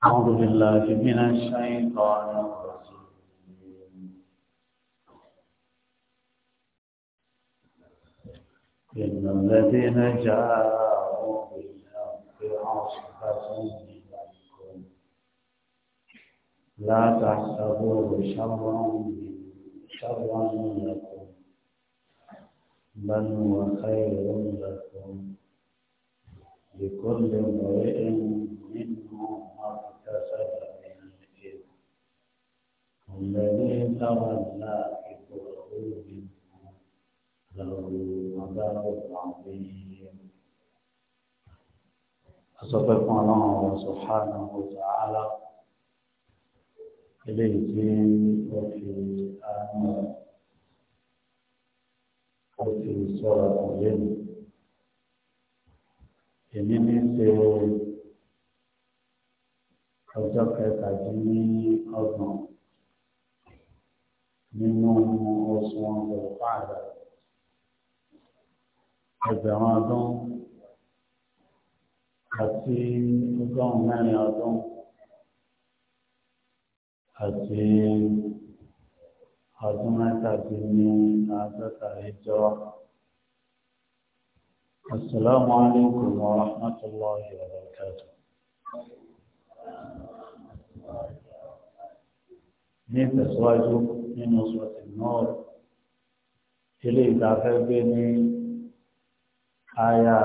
أعوذ بالله من الشيطان الرجيم إن الذين جاءوا بالحق عصبة منكم لا تحسبوه شرا شرا لكم بل هو خير لكم لكل امرئ الذي تولى كفره له عذاب عظيم أصدق الله سبحانه وتعالى إليه وفي آمال وفي سورة الجن إنني سيد أجاك تجيني أظن nínú ọ̀sùn ọ̀pá rẹ̀ ẹgbẹ̀rún ọdún àti ọgọ́rùn-ún mẹ́rin ọdún àti ọdún mẹ́tàdí ní àádọ́ta ìjọ. Assalamu alaikum wa rahmatullahi wa barakatuh ní ìtẹ̀síwájú nínú sọ̀tì náà ilé ìgbafẹ́ gbé ní aya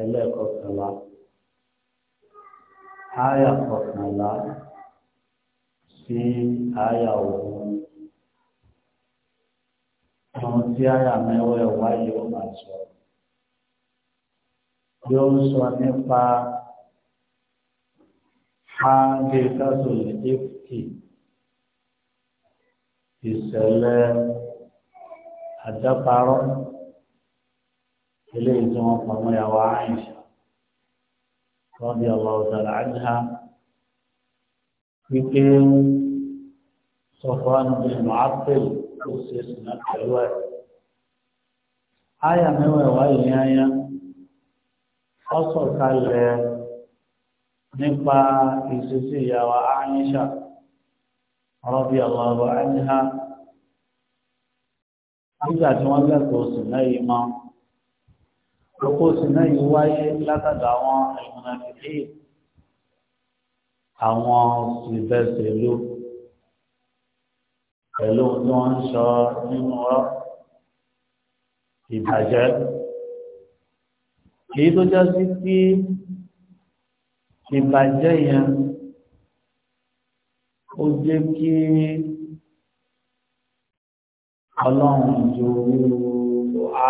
ẹlẹ́ẹ̀kọkànlá aya kọkànlá sí aya òun ohun tí aya mẹ́wẹ́ wáyé ó máa sọ yóò sọ nípa ha lè kásòlè éfìkì. ìṣẹ̀lẹ̀ àjáparọ́ eléyìí tí wọ́n pamọ́ ìyàwó àìṣà rọ́bì ọlọ́ọ̀dàlà àjíhá wípé sọ̀fọ́ àti mọ́àpẹ̀lú kò ṣe sùnà pẹ̀lú ẹ̀. Áyà mẹ́wàá mẹ́wẹ̀ẹ̀wá yìí áyá, ọ̀sọ̀ kalẹ̀ nípa ìṣesí ìyàwó àìṣà. radiyallahu anha nígbà tí wọ́n lẹ́kọ̀ọ́ sí náà yìí mọ́ lókò sí náà yìí wáyé látàdà àwọn àìmọ̀nàfíkì àwọn ìbẹ̀sẹ̀lú pẹ̀lú tí wọ́n ń sọ nínú ọ̀rọ̀ ìbàjẹ́ èyí tó jásí pé ìbàjẹ́ yẹn ó jẹ́ kí ọlọ́run ju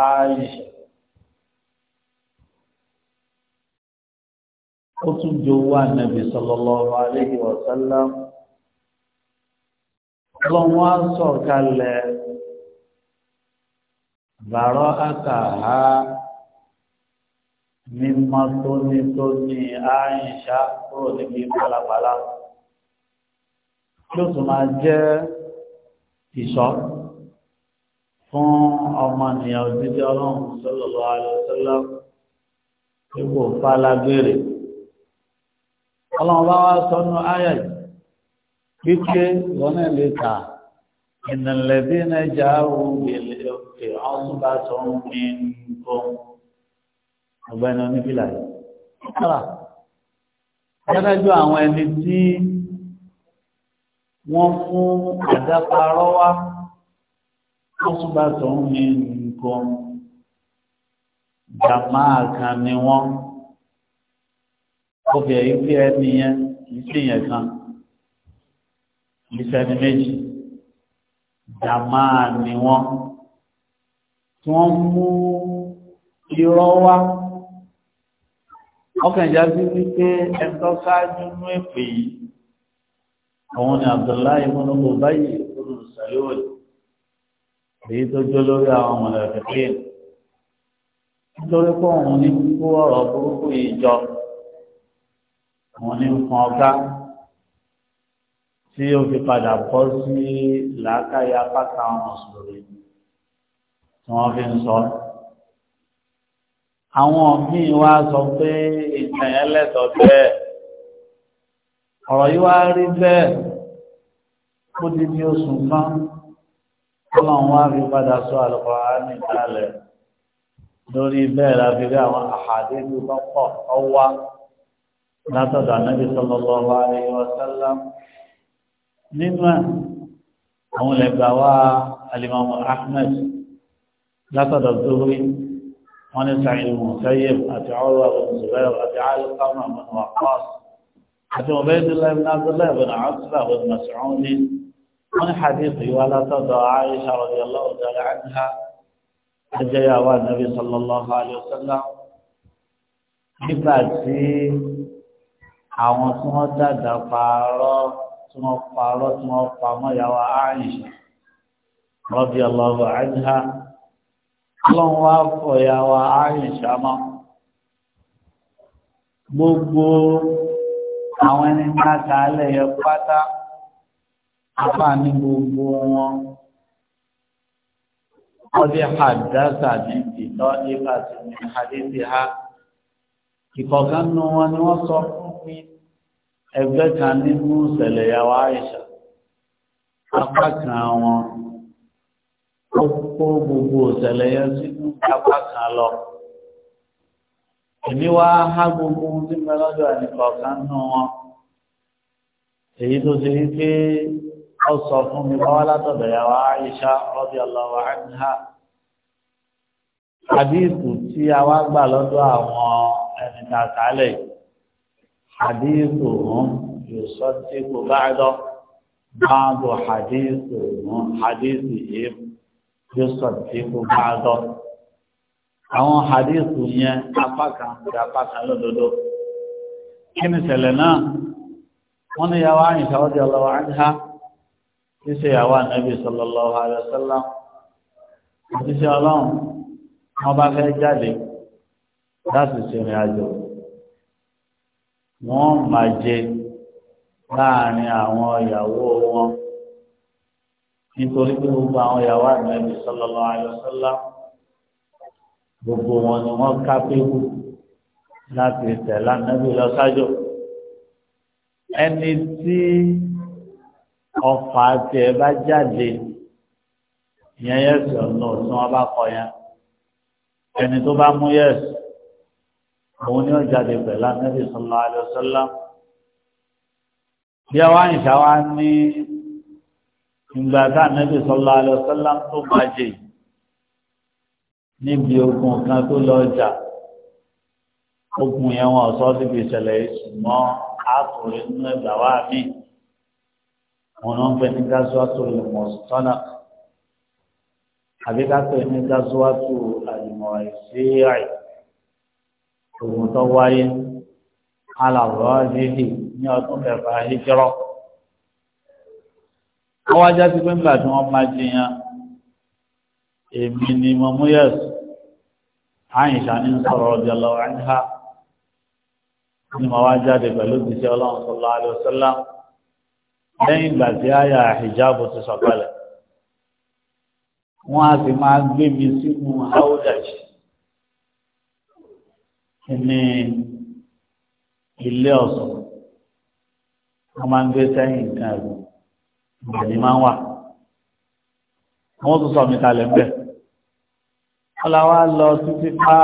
àìṣẹ́ ó tún jowó ànábì sallallahu alaihi wa sallam ọlọ́run á sọ̀kalẹ̀ bàárọ̀ àkàhà mímọ́ tónítóní àìṣá kúrò níbi pálapàla yóò tún máa jẹ́ ìṣọ́ fún ọmọnìyàn òjijì ọlọ́run sọlọ́lọ́ àlọ́sọ́lọ́ ipò falágbèrè ọlọ́run bá wá sọnù ayà yìí wípé lọ́nà lè ta ìnàlẹ́bí náà já òun èlé òkè ọ̀hún bá sọ ń bí nǹkan ọgbẹ́ni onífìlà yìí. dájú àwọn ẹni tí wọ́n fún àdáparọ́ wá wọ́n tún bá tọ̀ ń mi nǹkan jàmáà kan ni wọ́n ó fi ẹ̀yí pé ẹni yẹn kì í ṣèyàn kan kì í ṣẹni méjì jàmáà ni wọ́n tí wọ́n mú irọ́ wá ọkàn ìjà sí wípé ẹ̀ńtọ́ ṣáájú ní èpè yìí àwọn ni abdullahi múnú kò báyìí kúrò sàlúwò èyí tó jó lórí àwọn mọ̀lẹ́kẹ̀kẹ́ nítorí pé òun ní kó ọ̀rọ̀ burúkú yìí jọ òun ní fún ọgá tí ó fi padà bọ́ sí làákàyà pátá àwọn mùsùlùmí tí wọ́n fi ń sọ. àwọn míín wá sọ pé ìtàn ẹlẹ́tọ̀ọ́ bẹ́ẹ̀ ọ̀rọ̀ yìí wá rí bẹ́ẹ̀ ó di bí oṣù kan ọlọ́run wá fi padà sọ Al-Qur'ani kalẹ̀ lórí bẹ́ẹ̀ la fi rí àwọn àhàdédú lọ́pọ̀ ọwá látọ̀dọ̀ ànábì sallallahu alaihi wa sallam nínú ẹ̀ àwọn lẹ́gbà wá alimamu Ahmad látọ̀dọ̀ Zuhri wọn ní Sa'id ibn àti Urwa àti Zubair àti Alqama ibn Waqqas حتى عبيد الله بن عبد الله بن عتبة بن مسعود من حديث ولا تضع عائشة رضي الله تعالى عنها جاء النبي صلى الله عليه وسلم nígbà tí àwọn tí wọ́n dàgbà parọ́ tí wọ́n parọ́ tí wọ́n pamọ́ ìyàwó Àìṣà radiyallahu anha ọlọ́run wá fọ ìyàwó Àìṣà mọ́ gbogbo àwọn ẹni ká kàálẹ̀ yẹ pátá apá ní gbogbo wọn ọdí àdásà ní ìtọ́ nípa sí ní àdéhì ha ìkọ̀kan nù wọn ni wọ́n sọ fún mi ẹgbẹ́ kan nínú ìṣẹ̀lẹ̀ yàwó àìṣà apá kan wọn ó kó gbogbo ìṣẹ̀lẹ̀ yẹn sínú apá kan lọ èmi wá há gbogbo ohun tí mo lọ́dọ̀ àdìkọ̀ọ̀kan nù wọn èyí tó ṣe wípé ó sọ fún mi báwá látọ̀dọ̀ yàwá Aisha radiyallahu anha àdìsù tí a wá gbà lọ́dọ̀ àwọn ẹni tàkálẹ̀ àdìsù hàn yóò sọ tí kò bá dọ́ báàbò àdìsù hàn àdìsù yìí yóò sọ tí kò bá dọ́ àwọn hadithu yẹn apákan àti apákan lódodo kí ni ṣẹlẹ̀ náà wọ́n ní yàwó àyìnṣà ọdí ọlọ́wọ́ àyíká tí ṣe yàwó ànábì sallallahu alaihi wasallam àti ṣe ọlọ́run wọ́n bá fẹ́ jáde láti ṣèrìn àjò wọ́n máa jẹ láàrin àwọn ìyàwó wọn nítorí pé gbogbo àwọn ìyàwó ànábì sallallahu alaihi wasallam gbogbo wọn ni wọ́n ká pébù láti tẹ̀lá nẹ́bí lọ́sájò ẹni tí ọfà tiẹ̀ bá jáde ìyẹn yẹ́sì ọ̀nà tí wọ́n bá kọ yẹn ẹni tó bá mú yẹ́sì òun ni ó jáde pẹ̀lá nẹ́bí sọlá alẹ́sọ́lá bí wá ń ṣàwá ní ìgbà tá nẹ́bí sọlá alẹ́sọ́lá tó bàjẹ́ yìí níbi ogun kan tó lọ jà ogun yẹn wọn sọ síbi ìṣẹ̀lẹ̀ ṣùgbọ́n àtúnrin nínú ẹgbàá wà mí wọn náà ń pè ní gásíwátò lùmọ̀sánà àbí ká pè ní gásíwátò àlùmọ̀ ìṣíàì ogun tó wáyé alàbọ̀ lílì ní ọdún kẹfà hijrọ àwọn ajá ti pé ńgbà tí wọ́n máa jiyàn èmi ni mo mú yẹ̀sùn àyìnṣà ní sọ̀rọ̀ ọjọ́ lọ́wọ́ àyíká ní ma wá jáde pẹ̀lú ìgbésẹ̀ ọlọ́run sọ̀lá àlọ́sọ́lá lẹ́yìn ìgbà tí àyà hijabu ti sọ̀kalẹ̀ wọ́n á sì máa gbé mi sínú haúdàjì ní ilé ọ̀sán wọ́n máa ń gbé sẹ́yìn nǹkan ẹ̀gbọ́n ìgbà ni máa ń wà wọ́n tún sọ mi kalẹ̀ ń bẹ́ẹ̀ ọláwá lọ títí pa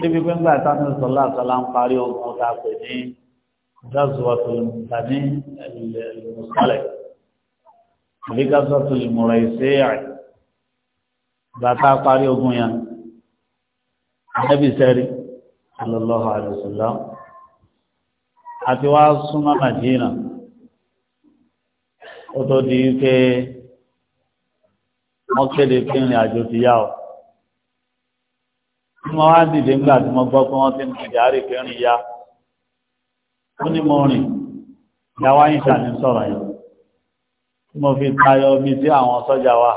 níbi pé ńgbà táwọn ìsọlá àtọlá ń parí ogun tá a pè ní gazuwatul tani al-musale àbí gazuwatul muraisiya ìgbà tá a parí ogun yẹn ẹbí sẹ́rí sallallahu àti wá súnmọ́ Madina ó tó di pé wọ́n kéde pé ìrìn àjò ti yá o tí wọ́n wá dìde ńgbà tí mo gbọ́ pé wọ́n ti ń dìde àárè pé ìrìn yá ó ní mo rìn ìyáwá yìí ṣàní sọ̀rọ̀ yìí tí mo fi tayọ omi tí àwọn sọ́jà wà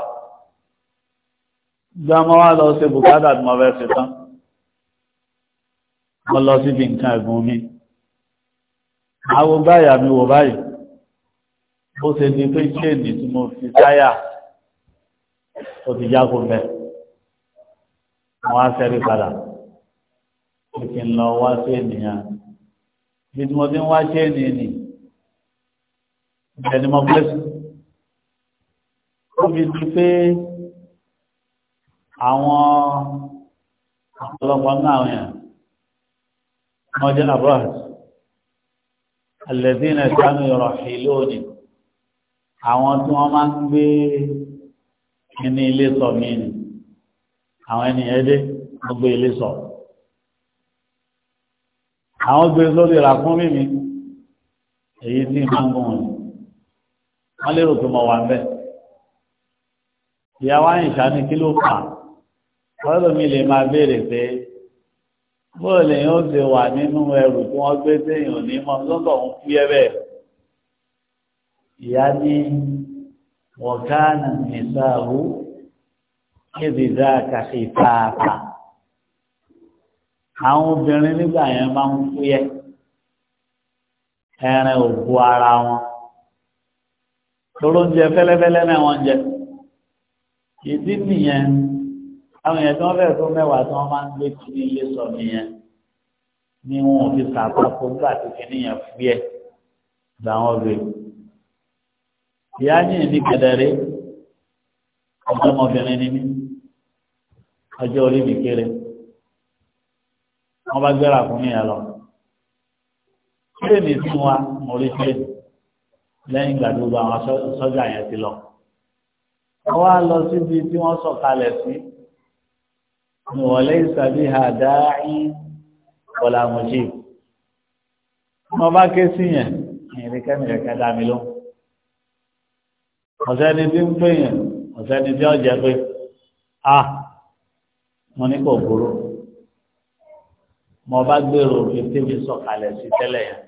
gbá mo wá lọ sí bùkádà tí mo fẹ́ ṣe tán mo lọ síbi nǹkan ẹ̀gùn mi àwọn báyà mi wò báyìí ó ṣe di pé chéènì tí mo fi táyà tó ti jáko mẹ́ wọ́n á sẹ́rí padà ó ti ń lọ wá sí ènìyàn bí mo ti ń wá sí ènìyàn ni ẹni mo fẹ́ sí ó fi di pé àwọn ọ̀pọ̀lọpọ̀ náà yẹn wọ́n jẹ́ abúlé alẹ́dínlẹ̀ sánú ìrọ̀hìlónì àwọn tí wọ́n máa ń gbé kí ní ilé sọ mí ni àwọn ènìyàn dé wọ́n gbé ilé sọ àwọn gbé sórí ra fún mímí èyí tí ń fún wọn wọ́n lérò tó mọ̀ wà ń bẹ̀ ìyàwó àyìnṣà ní kí ló fà á ọlọ́run mi lè máa béèrè pé bóò lèyìn ó ṣe wà nínú ẹrù tí wọ́n gbé séèyàn ní mọ́ lọ́tọ̀ ń fi ẹ́ bẹ́ẹ̀ ìyá ní wọ̀gánà nìsáàrú níbi dáàkà ìfààfà àwọn obìnrin nígbà yẹn máa ń fúyẹ́ ẹran òbu ara wọn toróúnjẹ fẹ́lẹ́fẹ́lẹ́ náà wọ́n jẹ ìdí nìyẹn àwọn èèyàn tí wọ́n fẹ́ẹ̀ tó mẹ́wàá tí wọ́n máa ń gbé kí ní ilé sọ nìyẹn ni wọn ò fi sàpapọ̀ nígbà tí kìnìyàn fúyẹ́ gbà wọn rèé ìyá ní ìní kẹdẹrẹ ọmọbìnrin ni mí ọjọ́ orí mi kéré wọn bá gbéra fún mi yẹn lọ tírèmì fún wa mo rí tírèmì lẹ́yìn ìgbà gbogbo àwọn sọ́jà yẹn ti lọ wọn wá lọ síbi tí wọn sọ̀kalẹ̀ sí ìwọlé ìsàbí àdáyín ọlàmùjì wọn bá ké sí yẹn ìrìnkẹmìrìnkẹ dá mi lóhùn ọ̀sẹ́ni tí ń pèèyàn ọ̀sẹ́ni tí ọ̀jẹ́ pé a ah, mo ní kò burú mo bá gbèrò fífi mi sọ̀kalẹ̀ sí tẹ́lẹ̀ yẹn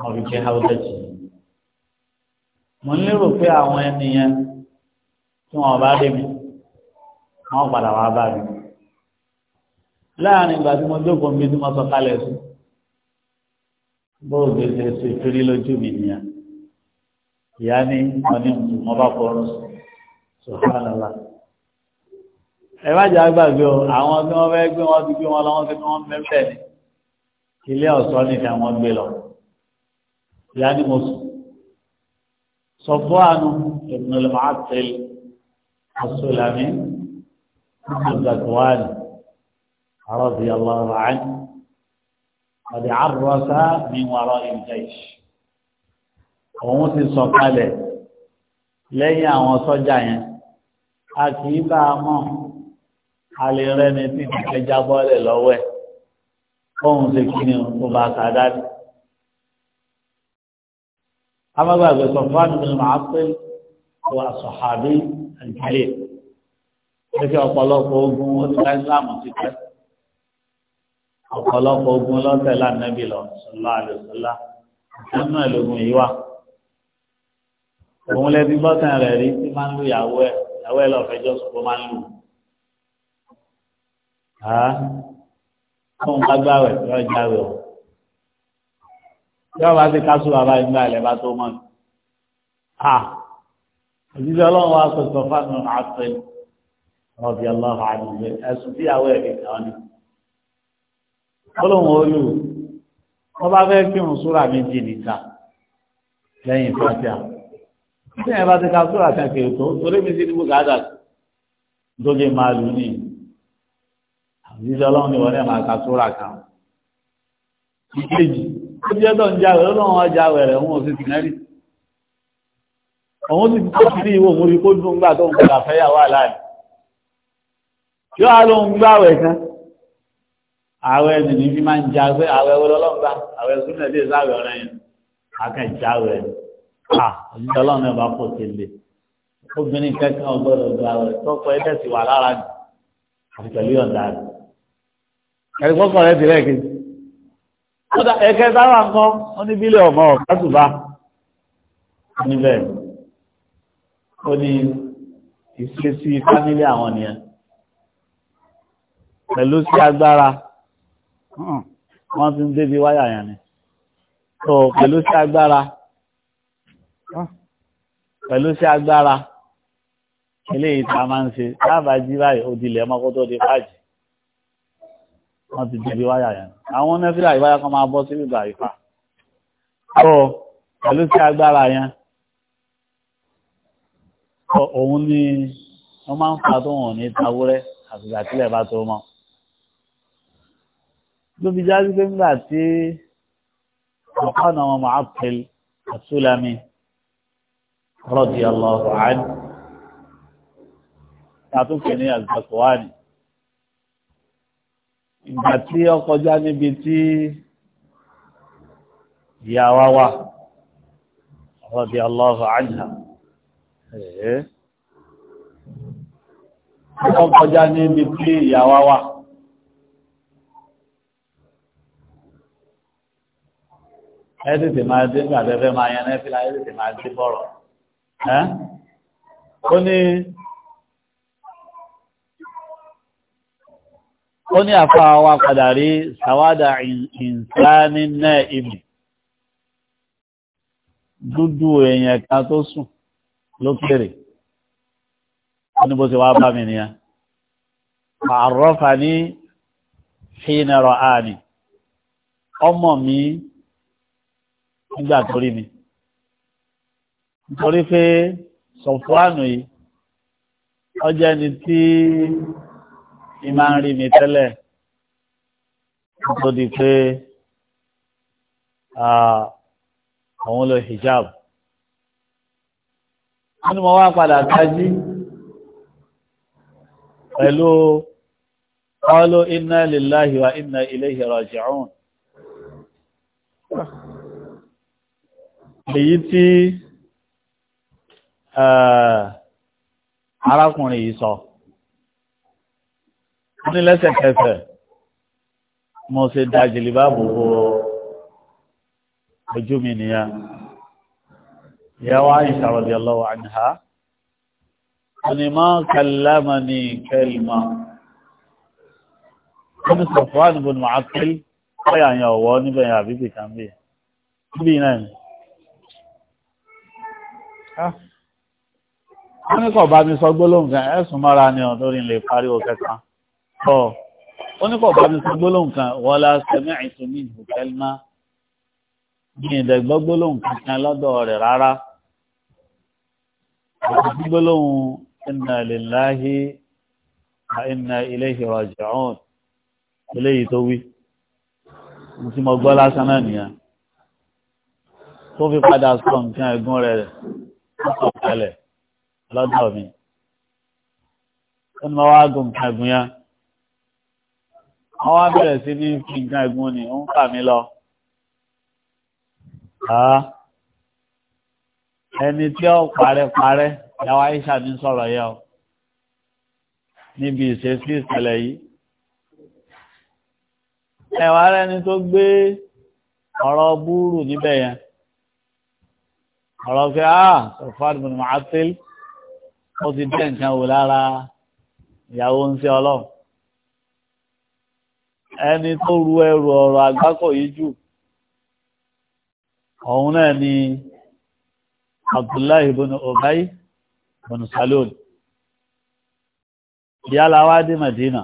mo fi ṣe haúdẹ́jì mo ń lérò pé àwọn ènìyàn tí wọn bá rí mi wọn padà wá bá mi láàrin ìgbà tí mo jókòó mi tí mo sọ̀kalẹ̀ sí bóògbé ṣe ṣe fírí lójú mi nìyẹn ìyá ní ọ̀ní wọn bá fọrọ sọ̀hánàlá. ẹ má jẹ́ àgbàgbé o àwọn tí wọ́n fẹ́ gbé wọn ti gbé wọn lọ́wọ́ tí wọ́n mẹ́fẹ́ ni ilé ọ̀sán nìkan wọ́n gbé lọ. ìyá ní mo sùn. صفوان بن المعطل السلمي الزكوان رضي الله عنه قد عرس من وراء الجيش òun ti sọ kalẹ̀ lẹ́yìn àwọn sọ́jà yẹn a kì í bá a mọ̀ a lè rẹ́ni tí ìpínlẹ̀ jábọ́lẹ̀ lọ́wọ́ ẹ̀ kóhun ṣe kí ni tó bá ta dání. amagbàgbé sọfúnni bin maafil wa sọ̀hábí àjálẹ̀ lókè ọ̀pọ̀lọpọ̀ ogun ó ti ká ìsìlámù ti pẹ́ ọ̀pọ̀lọpọ̀ ogun lọ́tẹ̀ lánàbí lọ sọlá àlùsọlá ìdáná ìlógun yìí wà òun lẹbi bọ́tàn rẹ̀ rí tí máa ń lu ìyàwó ẹ̀ ìyàwó ẹ̀ lọ́ọ́ fẹjọ́ sùn kó máa ń lù. fóun bá gbàwẹ̀ tí wọ́n jáwé o tí wọ́n bá ti kásù bàbá ìgbà ilẹ̀ bá tó mọ̀ ní. òjijì ọlọ́run wa sọ sọ fáwọn àtẹ ọ̀bì ọlọ́run àdìgbẹ́ ẹ̀sùn tí ìyàwó ẹ̀ fi kàn ní. ọlọ́run olù wọ́n bá fẹ́ kírun súrà méjì nìta lẹ́yìn fàtíà tí ẹ bá ti ka sóra kẹkẹ tó torí mi sí ní bùkátà dóge máa lù ní àbíjọ ọlọ́run ni wọ́n ní máa ka sóra kan ìkejì ó jẹ́ tó ń jáwé ọlọ́run ọjà wẹ̀rẹ̀ òun ò sì tìǹẹ́rì òun sì tó sí ìwò múrí kó dùn gbà tó ń padà fẹ́ yà wà láàyè yóò á lóun gbà wẹ̀ kan àwẹ̀ nìyí fi máa ń jáwé àwẹ̀ wọlọ́lọ́gbà àwẹ̀ súnmẹ̀ lè sáwẹ̀ ọ̀rẹ́ yẹn akẹ́jáwẹ̀ ni à òṣìṣẹ́ ọlọ́run náà bá pò sí ilé obìnrin kẹ́kẹ́ ọgbọ́dọ̀ gba rẹ̀ tọ́pọ̀ ẹ̀ tẹ̀sí wà lára ni àti pẹ̀lú yọ̀ǹda rẹ̀ ẹ̀rí gbọ́kàn rẹ̀ bìrẹ̀ kejì kódà ẹ̀kẹ́ sáwà nǹkan ó ní bílẹ̀ ọmọ ọ̀kásùbá níbẹ̀ ó ní ìṣesí fámílì àwọn nìyẹn pẹ̀lú sí agbára hmm. wọ́n ti ń débi wáyà yẹn ni tó pẹ̀lú sí agbára pẹ̀lú sí agbára eléyìí tá a máa ń ṣe láàbà jí báyìí òdìlẹ̀ ọmọkó tó di fàájì wọ́n ti dìbí wáyà yẹn àwọn nẹ́fílà ìwáyà kan máa bọ́ sí bíbà ìfà tó pẹ̀lú sí agbára yẹn òun ni wọ́n máa ń fa tó wọn ní tawúrẹ́ àtìgbà tílẹ̀ bá tó mọ́ lóbi jáde pé ńgbà tí ọ̀pá ọ̀nà ọmọ àpẹl àtúlámi رضي الله عنه. ní àgbàkùwárì ìgbà tí ó kọjá níbi tí ìyá wa wà radiyallahu anha ẹ̀ẹ́ ó kọjá níbi tí ìyá wa wà ẹ́ tètè máa dé nígbà tẹ́fẹ́ máa yẹn ẹ́ fi máa dé bọ́rọ̀ ẹ́ ó ní ó ní àfá wa padà rí sàwádà ìsáni náà ibì dúdú èèyàn kan tó sùn lókèrè ó ní bó ti wá bá mi nìyẹn àrọ́fà ní ṣínẹ̀rọ̀ ààrì ọmọ mi nígbà tó mi nítorí pé sọ̀fúánù yìí ọjọ́ ẹni tí ì máa ń rí mi tẹ́lẹ̀ tó di pé àwọn lo hijab wọ́n ni mo wá padà tají pẹ̀lú qalu inna lillahi wa inna ilayhi raji'un èyí tí Eh, arákùnrin yìí sọ ó ní lẹ́sẹ̀kẹsẹ̀ mo ṣe dajìlì bá gbogbo ojú mi nìyẹn ìyàwó Àìṣà radiyallahu anha ó ní ma kallamani kalima ó ní Safwan ibn Mu'attal ọ̀yà yẹn ọ̀wọ́ níbẹ̀ yẹn àbíbì kan bí i wọ́n ní kò bá mi sọ gbólóhùn kan ẹ̀sùn mọ́ra ni ọ̀ lórí ilẹ̀ pariwo kẹta ọ̀ wọ́n ní kò bá mi sọ gbólóhùn kan wọ́n la sẹ́mi àìsùnmí ìhùkẹ́lmá ní ìdẹ̀gbọ́ gbólóhùn kankan lọ́dọ̀ rẹ̀ rárá òkú gbólóhùn inna lillahi wa inna ilayhi raji'un eléyìí tó wí mo ti mọ gbọ́ lásán náà nìyẹn tó fi padà sọ nǹkan ẹ̀gbọ́n rẹ̀ sọ̀kalẹ̀ lọ́dọ̀ mi wọ́n máa wá gùn nǹkan ẹ̀gùn yẹn wọ́n wá bẹ̀rẹ̀ sí ní fi nǹkan ẹ̀gùn ni ó ń fà mí lọ ẹni tí ó parẹ́ parẹ́ yàwá Aisha ní sọ̀rọ̀ yẹn o níbi ìṣesí ìṣẹ̀lẹ̀ yìí ẹ̀wà rẹ̀ ni tó gbé ọ̀rọ̀ búrú níbẹ̀ yẹn ọ̀rọ̀ fi ah sọ̀fàdùn mọ̀ ó ti dẹ́ nǹkan wò lára ìyàwó ń ṣe ọlọ́run ẹni tó ru ẹrù ọ̀rọ̀ àgbákò yìí jù òun náà ni Abdullahi ibn Ubay ibn Salul yálà wá dé Madina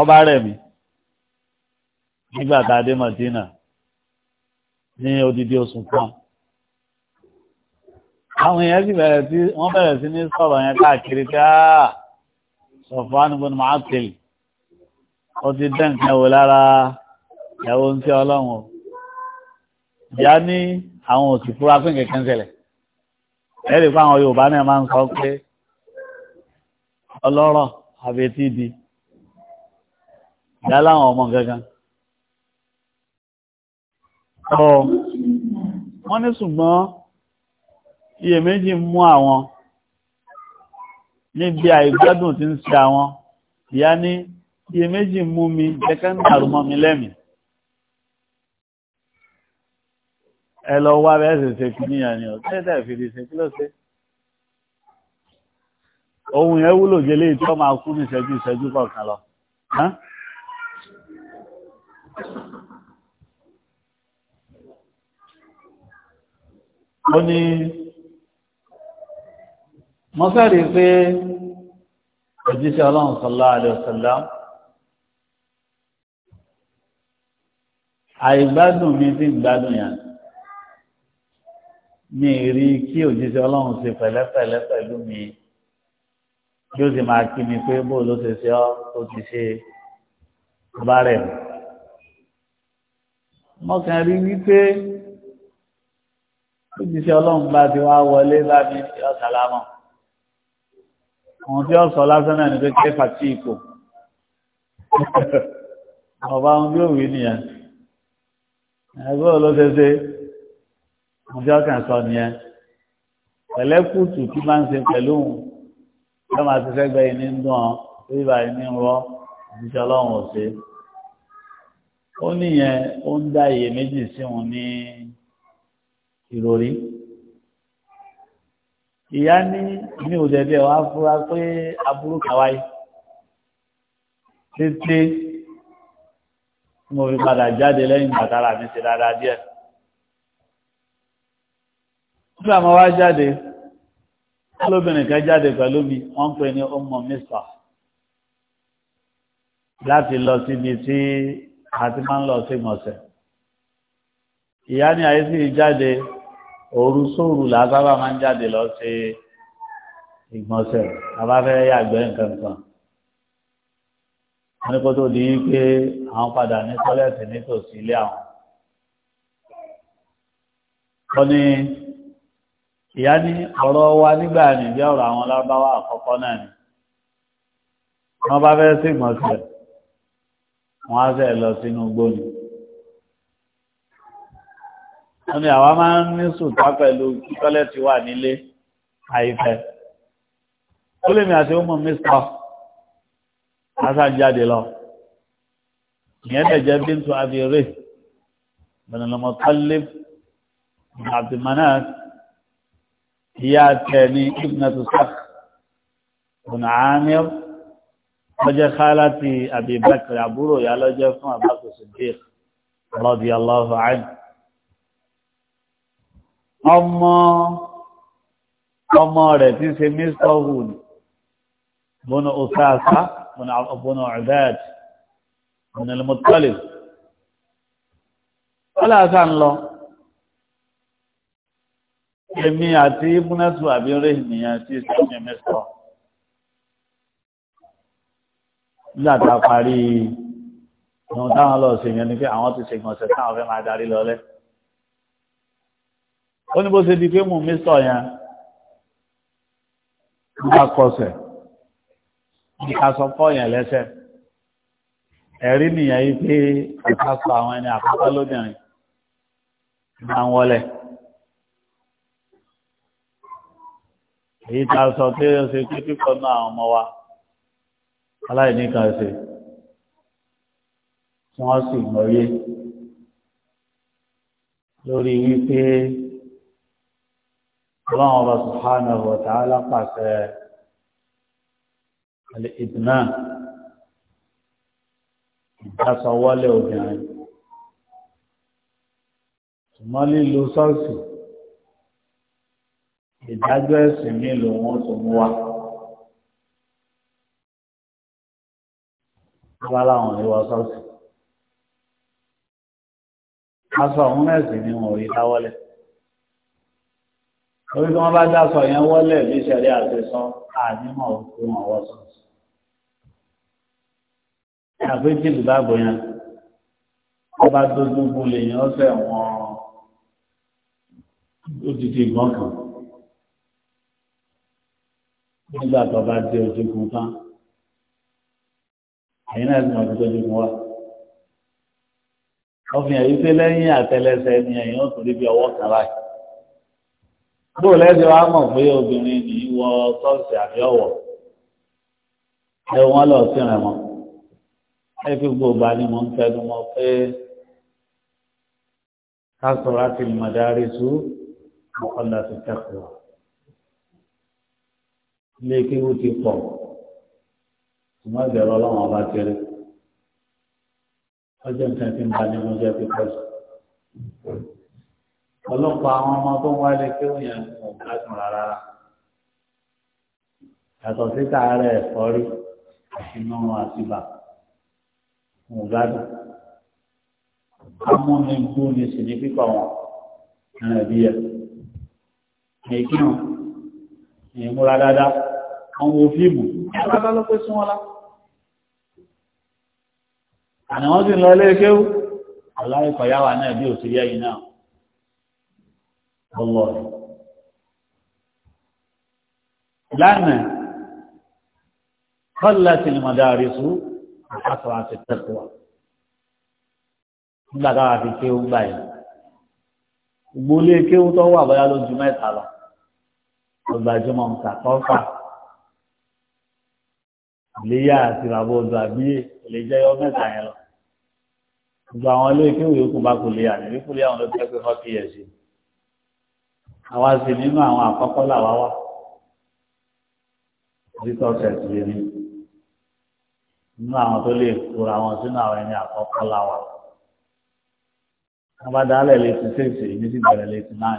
ọba rẹ̀ mi nígbà tá a dé Madina ní odidi oṣù kan àwọn èèyàn sì bẹ̀rẹ̀ sí wọ́n bẹ̀rẹ̀ sí ní sọ̀rọ̀ yẹn káàkiri pé áà ah, Sọ̀fán ibn Mu'attal ó ti dẹ́ nǹkan wò lára ìyàwó ń tẹ́ ọlọ́run o ìyá ní àwọn òsì fúra pé nǹkan kan ṣẹlẹ̀ ẹ̀rì pé àwọn Yorùbá náà máa ń sọ pé ọlọ́rọ̀ àbẹ̀tí di ìyá láwọn ọmọ gangan wọ́n ní ṣùgbọ́n iyèméjì ń mú àwọn níbi àìgbádùn tí ń ṣe àwọn ìyá ní iyèméjì mú mi jẹ́kẹ́ ń dàrú mọ́ mi lẹ́mìí ẹ lọ wá bẹ́ẹ̀ sì ṣe kí níyà ni ọ̀tẹ́ ẹ̀dá ìfìdí ṣe kí ló ṣe ohun yẹn wúlò jẹlé tí wọ́n máa ní ìṣẹ́jú ìṣẹ́jú kọ̀ọ̀kan lọ ó ní mo fẹ́ rí i pé òjíṣẹ́ ọlọ́run sọlá àdìọ́sọlá àìgbádùn mi ti gbádùn yàn mi rí kí òjíṣẹ́ ọlọ́run ṣe pẹ̀lẹ́pẹ̀lẹ́ pẹ̀lú mi kí ó sì máa kí mi pé bó ló ṣe ṣe ọ́ ó ti ṣe bá rẹ̀ mo kàn rí wípé òjíṣẹ́ ọlọ́run bá ti wá wọlé bá mi yọ àwọn tí ó sọ lásán náà ní pé kẹfà tí ipò ọba ohun tí ó wí nìyẹn ẹgbẹ́ olóṣèṣe àwọn tí ó kàn sọ nìyẹn pẹ̀lẹ́kùtù tí máa ń ṣe pẹ̀lú òun tí wọ́n máa ti fẹ́ gbẹ́yìn ní dùn ọ́ bí báyìí ní rọ́ ìṣẹ́ ọlọ́run ò ṣe ó nìyẹn ó ń dá iyèméjì sí òun ní ìròrí ìyá ní ní òdẹ̀dẹ̀ wá fúra pé aburú kàwáyé títí mo fi padà jáde lẹ́yìn bàtàrà mi ṣe dáadáa díẹ̀. nígbà mo wá jáde lóbìnrin kan jáde pẹ̀lú mi wọ́n ń pè ní ọmọ mista láti lọ síbi tí a ti máa ń lọ sí mọ̀sẹ̀. ìyá ní àyè sì jáde òru sóòru là sábà máa ń jáde lọ sí ìgbọ̀nsẹ̀ abáfẹ́ yàgbẹ́ nǹkan kan wọ́n ní kó tó di pé àwọn padà ní tọ́lẹ̀tì nítòsí ilé àwọn wọ́n ní ìyá ní ọ̀rọ̀ wa nígbà ní bí ọ̀rọ̀ àwọn lábáwá àkọ́kọ́ náà ni wọ́n bá fẹ́ sí ìgbọ̀nsẹ̀ wọ́n á fẹ́ lọ sínú gbóni wọ́n ní àwa máa ń ní sùtá pẹ̀lú tọ́lẹ́tì wà nílé àìfẹ́ ó lè mi àti ọmọ mr hasan jáde lọ ìyẹn tẹ̀ jẹ́ bíntu abiré bẹ̀rẹ̀lọ́mọ tọ́lé abdulmanat ìyá tẹ̀ ní ibnatu sak bùnà amir lọ́jẹ́ kálá ti abibakar àbúrò ìyá lọ́jẹ́ fún abakar siddiq radiyallahu anhu ọmọ ọmọ rẹ̀ tí ń ṣe mr hood bọ́nà òsáàsá bọ́nà ọ̀dáàd bọ́nà lẹ́mọ̀tọ́lẹ̀ ọlọ́àsá ń lọ èmi àti múnátù àbíọ́rẹ́ ènìyàn tí ìsẹ́yìn mẹ́sọ̀ nígbàtà parí ìwọ̀n táwọn lọ́ọ̀sẹ̀ yẹn ni pé àwọn ti ṣègbọ̀nsẹ̀ táwọn fẹ́ máa darí lọ́lẹ́ ó ní bó ṣe di pé mú mi sọ yẹn nípa kọsẹ̀ nípa sọ fọ́ yẹn lẹ́sẹ̀ ẹ̀rí nìyẹn yìí pé àkàsọ àwọn ẹni àkọ́kọ́ lóbìnrin máa ń wọlé. èyí tá a sọ pé ó ṣe pé pípọ̀ náà àwọn ọmọ wa aláìní kan ṣe tí wọ́n sì mọ̀ yé lórí wípé ọlọ́run ọba subhanahu wa ta'ala pàṣẹ ìdìnnà ìdásọwọ́lẹ̀ obìnrin ṣùgbọ́n lílo sọ́ọ̀sì ìdájọ́ ẹ̀sìn mi ló wọ́n tó mú wa. wá láwọn ìwọ sọ́ọ̀sì. aṣọ òun náà ni wọn ò rí láwọ́lẹ̀ torí tí wọ́n bá dáṣọ yẹn wọlé bí sẹ̀rí àti sọ ànímọ̀ tó wọn wọ́ sọ. àfi jìbì báàbò yẹn wọ́n bá dójú gbolè yẹn ọ̀sẹ̀ wọn odidi ìgbọ́n kan nígbà tó bá dé ojúgun tán àyìn náà ti mọ̀ tó wa ọ̀fìn ẹ̀yìn pé lẹ́yìn ni ẹ̀yìn ó torí bí kan báyìí bóò lẹ́sẹ̀ wá mọ̀ pé obìnrin ní wọ sọ́ọ̀sì àbí ọ̀wọ̀ ẹ wọ́n lọ sí rẹ̀ mọ́ ẹ fi gbogbo ni mo ń tẹnu mọ́ pé kásọ̀rọ̀ àti mọ̀dárí sú ọ̀kọ́lá ti kẹ́kọ̀ọ́ ilé kíkú ti pọ̀ ṣùgbọ́n ọlọ́run ọba kéré ọjọ́ nǹkan ti ń ba nínú jẹ́ pípọ̀ sí ọlọ́pàá àwọn ọmọ tó ń wáyé kí ó yàn kò gbádùn rárá yàtọ̀ síta rẹ̀ ẹ̀fọ́rí àti nínú àtibà kò gbádùn amúnigbó ni sì ní pípa wọn ẹ̀rìn ẹ̀bí ẹ̀ èyí kí wọn èyí múra dáadáa wọn wo fíìmù rárá ló pé sí wọn lá àná wọn sì lọ ilé kéwú aláìkọ̀yáwá náà bí òṣèré ẹ̀yìn náà lọ́wọ́ rẹ̀. lánàá kọ́lá ti ní mọ̀dáàrí sú àtàkùn àti tẹ́kùwà nígbà táwa fi kéwú báyìí ìgbólé kéwú tó wà bóyá ló ju mẹ́ta lọ ọgbàjúmọ̀ nǹkan kan fà ìléyà àti bàbá odò àbíyè kò lè jẹ́ yọ mẹ́ta yẹn lọ gbogbo àwọn ilé kéwú yòókù bá kò lè àná ìwé kò lè àwọn ló pé wọ́n fi yẹ̀ àwa sì nínú àwọn àkọ́kọ́ làwa wà títọ́ sẹ̀tì rí nínú àwọn tó lè kóra wọn sínú àwọn ẹni àkọ́kọ́ làwa wọn bá dálẹ̀ létí sèṣe èmi sì bẹ̀rẹ̀ létí náà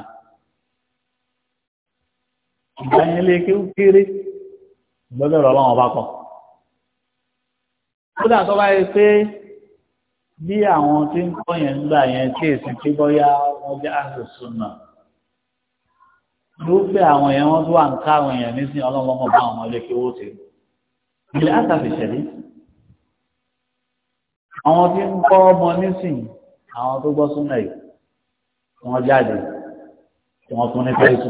ìgbà yẹn lè kéwú kéré gbọ́dọ̀ rọ̀ ọlọ́run ọba kọ̀ kódà tó bá yẹ pé bí àwọn tí ń kọ́ yẹn ń yẹn tí èsì pé bọ́yá wọ́n jẹ́ àṣìṣùnà irúfẹ́ àwọn èèyàn wọn tó wà ń ká àwọn èèyàn nísìn ọlọ́mọkàn bá àwọn ọmọdé kí owó ṣe ilé àtàfi ṣẹlẹ̀ àwọn tí ń kọ́ ọmọ nísìn àwọn tó gbọ́ súnmọ́ yìí wọ́n jáde tí wọ́n fún ní pẹ́ẹ́sì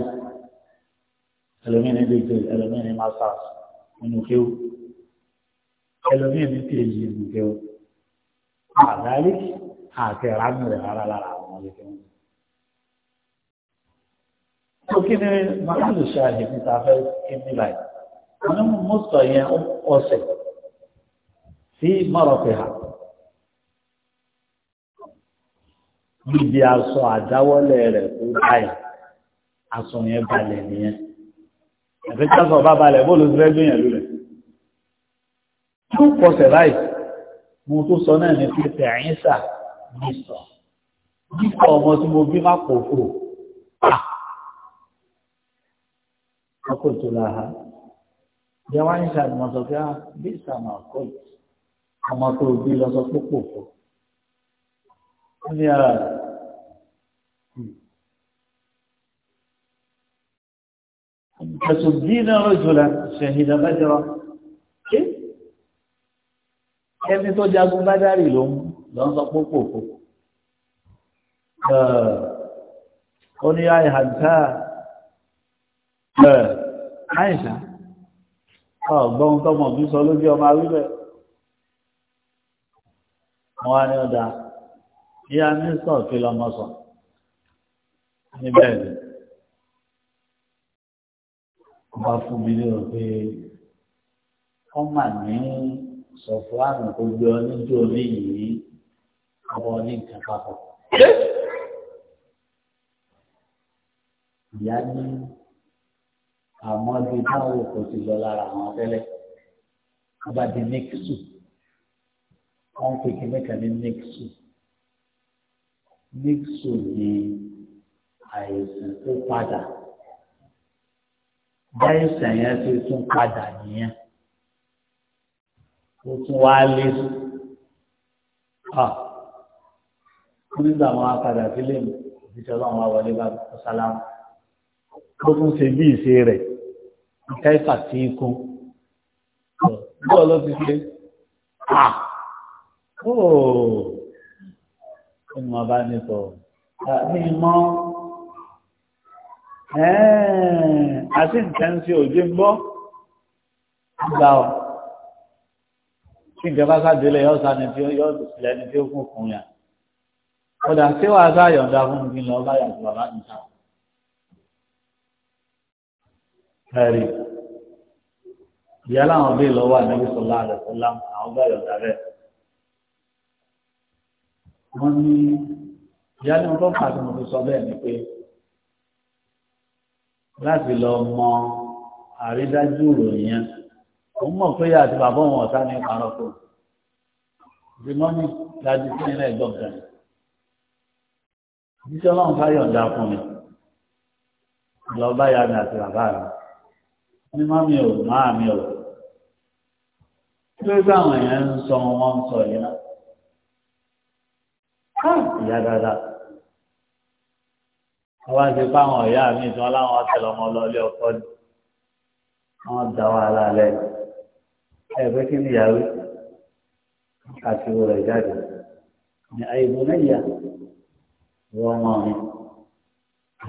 ẹlòmíín ní dèjì ẹlòmíín ní masters nínú kéwù ẹlòmíín ní phd nínú kéwù àdáyé àti ìránnú rẹ̀ rárá lára àwọn ọmọdé kéwù tó kí ni màálù ṣe àjẹmí ta fẹ́ kí ni báyìí àwọn ọmọ mọ́tò yẹn ọ̀sẹ̀ sí mọ́rọ̀fẹ́ ha níbi aṣọ àdáwọ́lẹ̀ rẹ̀ tó báyìí aṣọ yẹn balẹ̀ nìyẹn àti tásọ̀ bá balẹ̀ bóòlù ti fẹ́ gbìyànjú rẹ̀ tó pọ̀sẹ̀ báyìí mo tó sọ náà ní pípẹ́ àyínsà ní sọ nípa ọmọ tí mo bí má pò fò ah, فقلت لها يا عائشة المزكاة بئس ما قلت أما تربي لتطلقه قال يا تسبين رجلا شهد بدرا ẹni tó jagun bá dárì ló ń lọ sọ pé kòkó ó ní àìhàntà ẹ àìsà ọ̀gbọ́n tọmọ bí sọ lójú ọmọ wíbẹ̀ wọ́n á ní ọ̀dà ìyá mínísítọ̀ kí lọmọ sọ níbẹ̀ ni ọba fún mi lérò pé wọ́n mà ní sọ̀fọ́ àrùn tó gbé ọ níjó ní yìí ọwọ́ ní nǹkan papọ̀. ìyá ní àmọ́ bí táwọn kò ti lọ lára àwọn tẹ́lẹ̀ ọba di nixu wọ́n ń pèké mẹ́ta ní nixu nixu ni àìsàn tó padà báyìísàn yẹn ti tún padà nìyẹn ó tún wá lé ah. nígbà wọn apàdà sílé mi òṣìṣẹ́ ọlọ́run wa wọlé bá sálámù ó tún ṣe bí ìṣe rẹ̀ kẹfà tí í kún bọ́ọ̀ ló ti ṣe à óò kí ni wọ́n bá ní sọ àmì mọ́ àti nǹkan ṣe òjò ń bọ́ gbà ọ́ ìjọba sádélé yọ sá tí ó yọ sílẹ̀ tí ó kún fún yà kódà tí wàá sá yọ̀ǹda fún mi lọ bá yàtọ̀ bàbá mi sáà. ẹ̀rí ìyá láwọn bí lọ́wọ́ ànábì sọ̀lá àdàsọ́lá àwọn bá yọ̀dà rẹ̀ wọ́n ní ìyá ní ọdún pàtó mo fi sọ bẹ́ẹ̀ ni pé láti lọ mọ àrídájú ìròyìn yẹn òun mọ̀ pé àti bàbá òun ọ̀tá ní ìparọ́ kò ṣe mọ́mí dájú sí ilé ẹ̀gbọ́n kan jíṣẹ́ ọlọ́run fáyọ̀ ọ̀dà fún mi lọ bá yá àti bàbá mi ní mami ò máa mi ò kí ló dáwọn èèyàn ń sọ wọn ń sọ yìí náà ìyá dáadáa àwa ti pa àwọn ọ̀yá mi tí wọ́n láwọn ọ̀tẹ̀lẹ̀ ọmọ lọ́lé ọkọ ni wọ́n da wàhálà lẹ́nu ẹ̀fẹ́ kí ni ìyàwó àti ìwò rẹ̀ jáde ní àìbò lẹ́yà wọ́n mọ̀ mi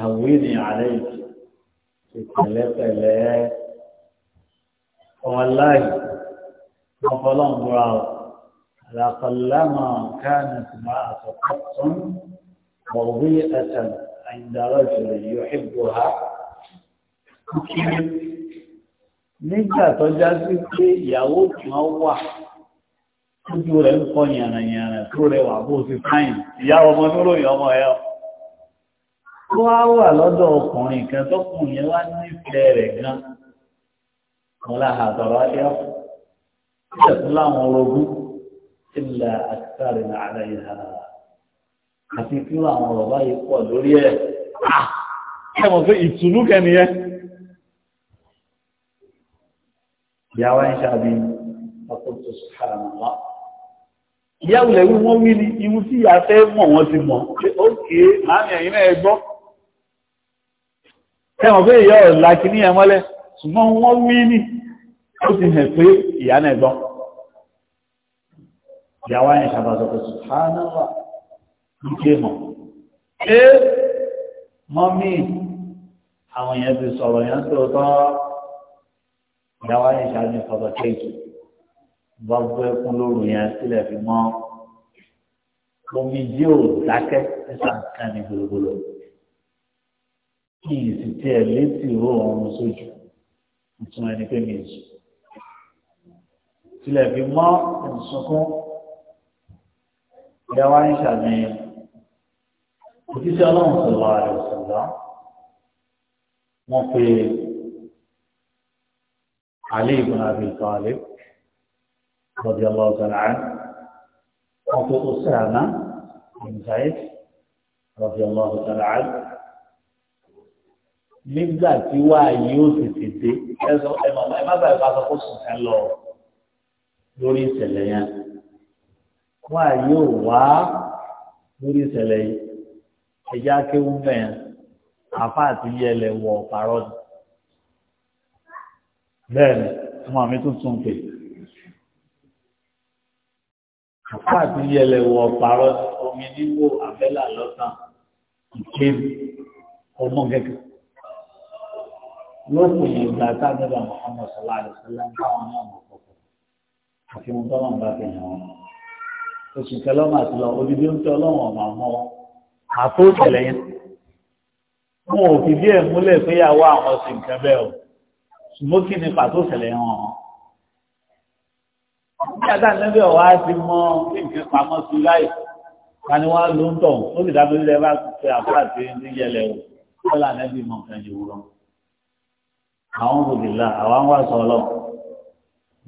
àwí ni àlẹ́ yìí ti pẹ̀lẹ́pẹ̀lẹ́ wallahi ọ̀pọ̀lọ́ ń búra ọ̀ àlàkọ̀lámà káàní tí máa àtọ̀kọ̀ tún ọ̀gbí ẹ̀tàn àìdàrọ̀ ìṣẹ̀lẹ̀ yóò ṣègbò ha kíkiri nígbà tó já sí pé ìyàwó kan wà tójú rẹ̀ ń kọ́ yànnàyànnà tó rẹwà bó ti fáyìn ìyá ọmọ tó ròyìn ọmọ ẹ̀ ọ́ tó wá wà lọ́dọ̀ ọkùnrin kan tọkùnrin yẹn wá nífẹ̀ẹ́ rẹ̀ gan-an wọn là hà sọ̀rọ̀ ayé ọ̀ ṣíṣe tún láwọn orogún ilẹ̀ àtìkáàrí ní àlẹ́ yìí hà àti kí láwọn ọ̀rọ̀ báyìí pọ̀ lórí ẹ̀ ẹ mọ̀ pé ìtùnú kẹ́niyẹ́ ìyàwó ẹ̀ ń ṣàbí ọkùnrin sùkàrà mọ́ ìyàwó lẹ́wí wọ́n wí ní iwu tí ìyá fẹ́ mọ̀ wọ́n ti mọ̀ pé ókè máa ń náà ẹ gbọ́ ẹ mọ̀ pé ìyá ọ̀la kìíní ẹ mọ́lẹ̀ ṣùgbọ́n wọ́n wí ní ó ti hẹ̀ pé ìyá náà gbọ́ ìyàwó ayẹ́ ṣàbàzọ̀ pé ṣùgbọ́nàwà ń ké mọ̀ pé mọ́mí àwọn èèyàn ti sọ̀rọ̀ yẹn tó tọ́ ìyàwó ayẹ́ ṣàbàzọ̀ sọ̀rọ̀ kéèkì gbogbo ẹkún lóru yẹn sílẹ̀ fi mọ́ omi jẹ́ ò dákẹ́ nípa nǹkan ní gbogbo kí n létí ìró ọ̀run sójú ìtumọ̀ ẹni pé méjì tilẹ̀ fi mọ́ ìsúnkún ìyá wa ń ṣàmìyàn òjíṣẹ́ ọlọ́run sọ̀rọ̀ àrẹ ọ̀sọ̀lá wọ́n pe Ali ibn Abi Talib radiyallahu ta'ala anhu wọ́n pe Usama ibn Zaid radiyallahu ta'ala anhu nígbà tí wàá yóò sì ti dé ẹ̀sọ́ ẹ̀ má bàa bá sọ́kó sùn ká lọ lórí ìṣẹ̀lẹ̀ yẹn wọ́n à yóò wá lórí ìṣẹ̀lẹ̀ yìí ẹ̀jẹ̀ akéwú mẹ́rin àfa àti yẹlẹ̀ wọ̀ ọ̀pàrọ̀ ni bẹ́ẹ̀ ni ọmọ mi tún tún pè àfa àti yẹlẹ̀ wọ̀ ọ̀pàrọ̀ ni omi níwò àbẹ́là lọ́tàn ìkéde ọmọ gẹ́gẹ́ lókun ìgbà tábìlà Muhammad sallallahu alaihi wasallam káwọn náà mọ̀ kọ̀kọ̀ àfi wọn tọ́lọ̀ ń bá fi hàn wọn. oṣù kẹlọ́mà ti lọ odidi ń tẹ ọlọ́run ọ̀mà mọ́ wọn àpò ìtẹ̀lẹ̀ yẹn. wọn ò fi bí ẹ̀ múlẹ̀ pé yàwó àwọn sì ń kẹ́ bẹ́ẹ̀ o ṣùgbọ́n kí ni pàtó ìtẹ̀lẹ̀ yẹn hàn. bí adáńdẹ́bẹ̀ ọ̀wá ti mọ bí nǹkan pamọ́ sí láì kani wọn ló ń tọ̀ ó sì dábìlì ẹ àwọn òbílà àwọn wà sọlọ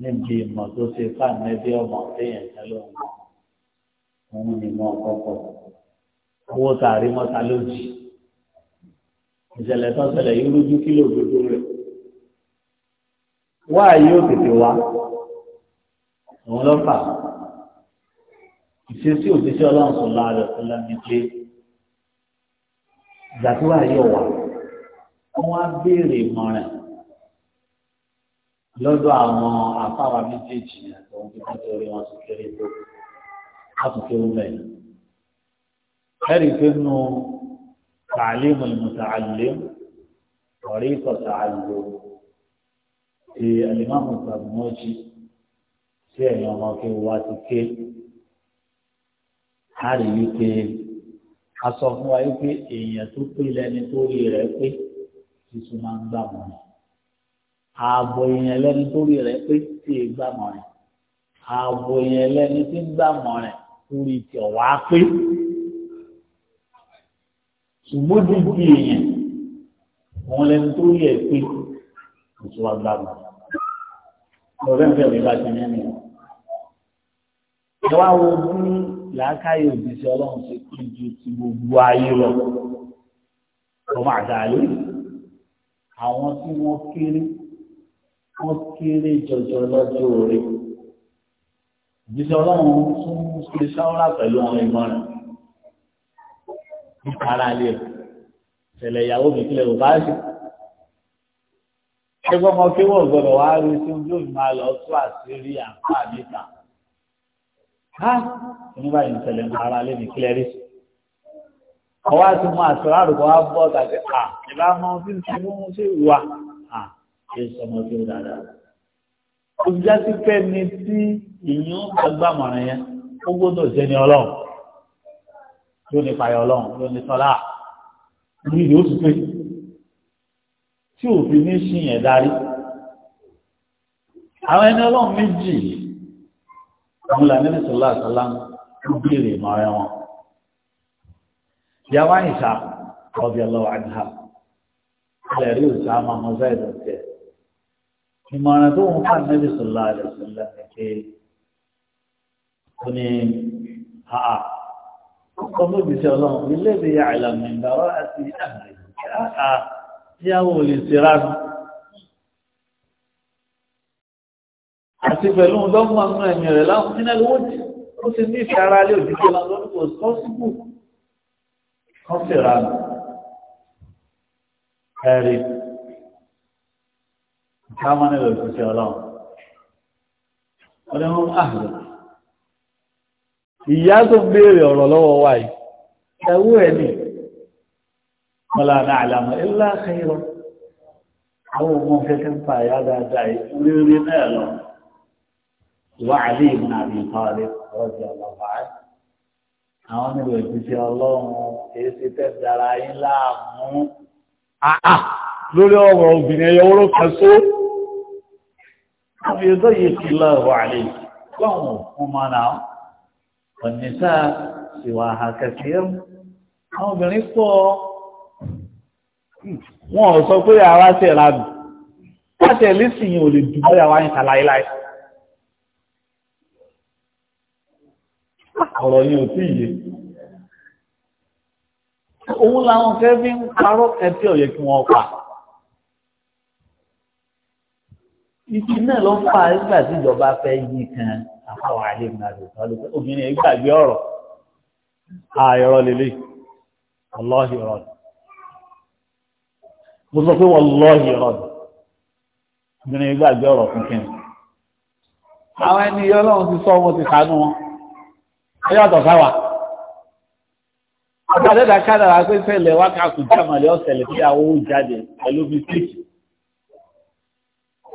níbi ìmọ̀ tó ṣe fáàmì bí ọmọ téèyàn tẹ́lẹ̀ ọmọ òun ni mọ ọkọkọ owó tààrí mọta lójì ìṣẹ̀lẹ̀ tó ṣẹlẹ̀ yìí lójú kílò gbogbo rẹ̀ wá yóò tètè wá òun ló fà ìṣesí òṣìṣẹ́ Ọlọ́run sọlá rẹ sọlá mi pé ìgbà tó wà yóò wà wọn á béèrè ìmọ̀ràn lọ́dọ̀ àwọn afáwa méjèèjì àtọ̀hún pípa tó rí wọn tún kéré tó láti kéré bẹ́ẹ̀. ẹ̀rí pé nù tàlímù ìmùtàlẹ́ ọ̀rí ìtọ̀tà àlò ti àlìmáàmù tàbímọ́jì tí ẹ̀yìn ọmọ kí wá ti ké. a rí a sọ fún wa pé èèyàn tó pé lẹ́ni tó rí rẹ̀ pé tuntun máa ń gbà wọ́n ààbò èèyàn lẹ́ni torí rẹ̀ pé tí ì gbàmọ̀ rẹ̀ ààbò èèyàn lẹ́ni tí ń gbàmọ̀ rẹ̀ torí tí ò wá pé ṣùgbọ́n dídí èèyàn òun lẹ́ni torí ẹ̀ pé kò tó wá gbàmọ̀ lọ́rẹ́ ń fẹ́ràn bá ti yẹn nìyẹn. ẹ wá wo bí làákàyè òjíṣẹ́ ọlọ́run ṣe kí ju ti gbogbo ayé lọ ọmọ àdáyé àwọn tí wọ́n kéré wọ́n kéré jọjọ lọ́jọ́ orí ìjíṣẹ́ ọlọ́run tún ṣe ṣáwọ́rà pẹ̀lú àwọn ìmọ̀ràn nípa ara ilé ìṣẹ̀lẹ̀ ìyàwó mi kílẹ̀ ò bá ṣe ẹgbẹ́ ọmọ kí wọ́n gbọ́dọ̀ wá rí sí ojú mi máa lọ tó àṣírí àpá níta ká oníbà ìṣẹ̀lẹ̀ ń ara lé ní kílẹ̀ rí ọwọ́ àti mú àṣírárù kan wá bọ́ tàbí à ìbámu tí ń ṣe mú ṣe wà ṣe sọmọ tó dáadáa. Olùjá ti fẹ́ ni tí ìyún agbámọ̀ràn yẹn ó gbọ́dọ̀ jẹ́ ni ọlọ́run. Yóò ní payọ̀ ọlọ́run, yóò ní sọlá. Orí ìlú oṣù pé tí òfin ní sí yẹn darí. Àwọn ẹni ọlọ́run méjì àwọn ìlànà ìṣòlá àṣọlá ń béèrè ìmọ̀ràn wọn. Ìyá wa ìṣà ọbẹ̀ lọ́wọ́ àdìhà. Ilẹ̀ òṣà máa mọ Zaid ọ̀tẹ̀ ìmọ̀ràn tó ń fà nẹ́bí sọ̀lá rẹ̀ sọ̀lá ẹ̀kẹ́ ó ní àà ọkọ̀ mọ́bìsí ọlọ́run ilé ìdí ya ìlànà ìgbàwọ́ àti àà ìyàwó lè ṣe ránu àti pẹ̀lú ọdọ́gbọ̀n nínú ẹ̀mí rẹ̀ láwọn nínú ẹ̀lú wọ́n ó ti ní ìfẹ́ ara lé òdìjẹ́ lọ́dún kò sọ́sìkò kan sì ránu ẹ̀rí káwọn nílò ìṣiṣẹ́ ọlọ́run ọdún wọn àhùrù ìyá tó béèrè ọ̀rọ̀ lọ́wọ́ wa yìí ẹwú ẹ̀ ní ọlá náà àlàmọ́ ilá kẹrọ àwọn ọmọ kẹkẹ ń pa ìyá dáadáa yìí rírí náà lọ ìwà àlè ìmọ̀ àbí ìtọ́lẹ̀ rọ́jì ọlọ́wà àwọn nílò ìṣiṣẹ́ ọlọ́run èyí ti tẹ́ dára yín láàmú lórí ọ̀rọ̀ obìnrin ẹ̀yọ́ wọ́n ló kẹ́ àbí ẹgbẹ́ yìí ti lọ wà lè lọ́wọ́ fún ọmọ náà ọ̀nìṣà ìwà àkẹ́kẹ́ àwọn obìnrin pọ̀ wọn ò sọ pé ara tẹ̀ lábì láti ẹ̀ lẹ́sìn ò lè dùn bóyá wáyé kà láéláé. ọ̀rọ̀ yìí ò tí ì yé òun làwọn fẹ́ fi ń parọ́ ẹtí ọ̀yẹ́ kí wọ́n pa. ìdí náà ló fà á nígbà tí ìjọba fẹ́ yí kan àfọwọ́ alẹ́ mi àti ìtọ́lù pé obìnrin yẹn gbàgbé ọ̀rọ̀ àìrọ̀ lélẹ̀ ọlọ́ọ̀hì ọ̀rọ̀ mo sọ pé wọ́n lọ́ọ̀hì ọ̀rọ̀ obìnrin yẹn gbàgbé ọ̀rọ̀ fún kẹ́hìn. àwọn ẹni ọlọ́run ti sọ wọn ti sànú wọn ẹ yàtọ̀ sáwà ọ̀dọ́dẹ́dà kádàrà pé sẹ́lẹ̀ wákàtí jàmàlẹ́ ọ̀sẹ̀lẹ̀ fíyàwó jáde pẹ̀lú bísíkì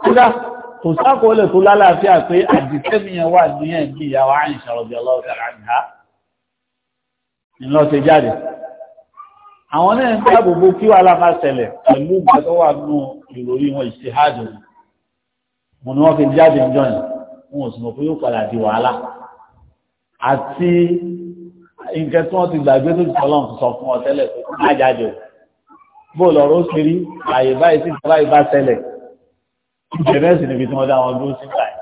kódà kò sákòólẹ̀ tó lálàáfíà pé àdìsẹ́mìyàn wà ní ẹ̀bí ìyàwó àìsàn ọ̀dọ̀ ọlọ́ọ̀tàrà nìhá ńlọ́ọ̀tẹ̀ jáde àwọn náà ń dáàbò bo kí wàhálà máa ṣẹlẹ̀ pẹ̀lú ìgbà tó wà nù ìròrí wọn ìṣèhájò mo ni wọ́n fi jáde ń jọyìn wọn ò sì mọ̀ pé yóò padà di wàhálà àti nǹkan tí wọ́n ti gbàgbé tó ti sọ́lọ́n sọ fún ọ tẹ́lẹ̀ pé má jáde bó lọ́rọ̀ ó ṣe rí àyè báyìí ìjẹ bẹ́ẹ̀ sì níbi tí wọ́n dá wọn dúró sí ìgbà yìí.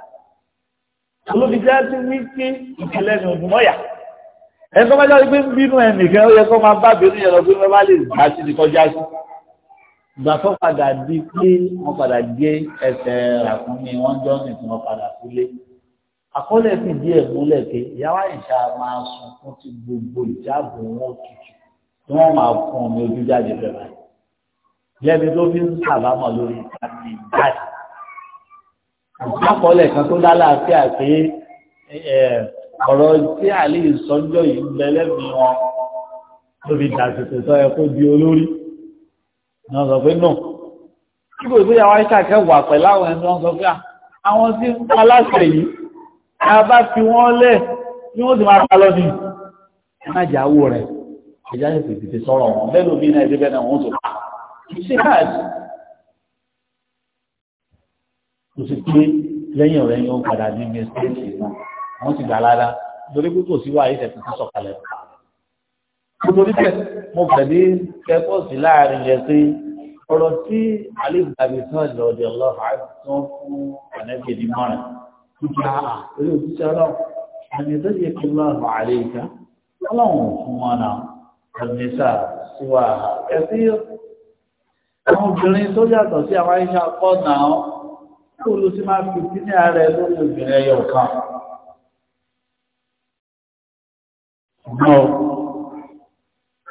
olùdíjá ti wí pé ìjẹlẹ ni ògùn mọ́yà ẹ̀kọ́ bá jáde pé ń bínú ẹnìkan ó yẹ kó máa bá bínú yẹn lọ pé wọ́n bá lè gbà sí ti kọjá sí. ìgbà tó padà di pé wọ́n padà gé ẹsẹ̀ ràkúnmí wọ́n jọ́ ní tí wọ́n padà kúlé. àkọlẹ̀ fi díẹ̀ múlẹ̀ pé ìyáwó àyíṣà máa sunkún ti gbogbo ìjáàbò wọn tutù tí wọ́n máa fún un ní ojú jáde fẹ́ báyìí. lẹ́ni tó àkọọ́lẹ̀ kan tó dá láàfíà pé ọ̀rọ̀ tí àlè ìsọ́jọ́ yìí ń bẹ lẹ́mìí wọn tó fi dàsìkò sọ ẹ kó di olórí náà sọ pé náà kí kò sí àwọn iṣẹ́ àkẹ́wà pẹ̀lú àwọn ẹni wọn sọ pé ah, àwọn tí ń pa láṣẹ yìí a bá fi wọ́n lẹ̀ ní wọ́n sì máa pa lọ́dún má jà wò rẹ̀ ẹ̀já sì tètè sọ̀rọ̀ wọn bẹ́ẹ̀ lómi náà ẹ̀dẹ́gbẹ́ náà wọ́n tó pa kì í ṣe káàdì kò sí pé lẹ́yìn ọ̀rẹ́ yóò padà ní mẹ́sẹ̀ẹ́sì náà wọ́n ti gbà lára lórí pé kò sí wà ayé tẹ̀sán tó sọ̀kalẹ̀ nítorí pé mo pẹ̀lú kẹ́kọ̀ọ́ sí láàrin yẹn pé ọ̀rọ̀ tí alẹ́gbàgbé sàn lọ́dẹ̀ ọlọ́run àti tó ń fún ànẹ́gbẹ̀ ní mọ́rin ìjà orí òṣìṣẹ́ ọlọ́run àmì ìdọ́jẹ́ kí lọ́rùn àlẹ́ ìjà ọlọ́run fún wọn náà ẹ̀mẹ́sà sí wa ẹ̀sí àwọn kó ló sì máa fi sínú ààrẹ lórí obìnrin ẹyọ kan ṣùgbọ́n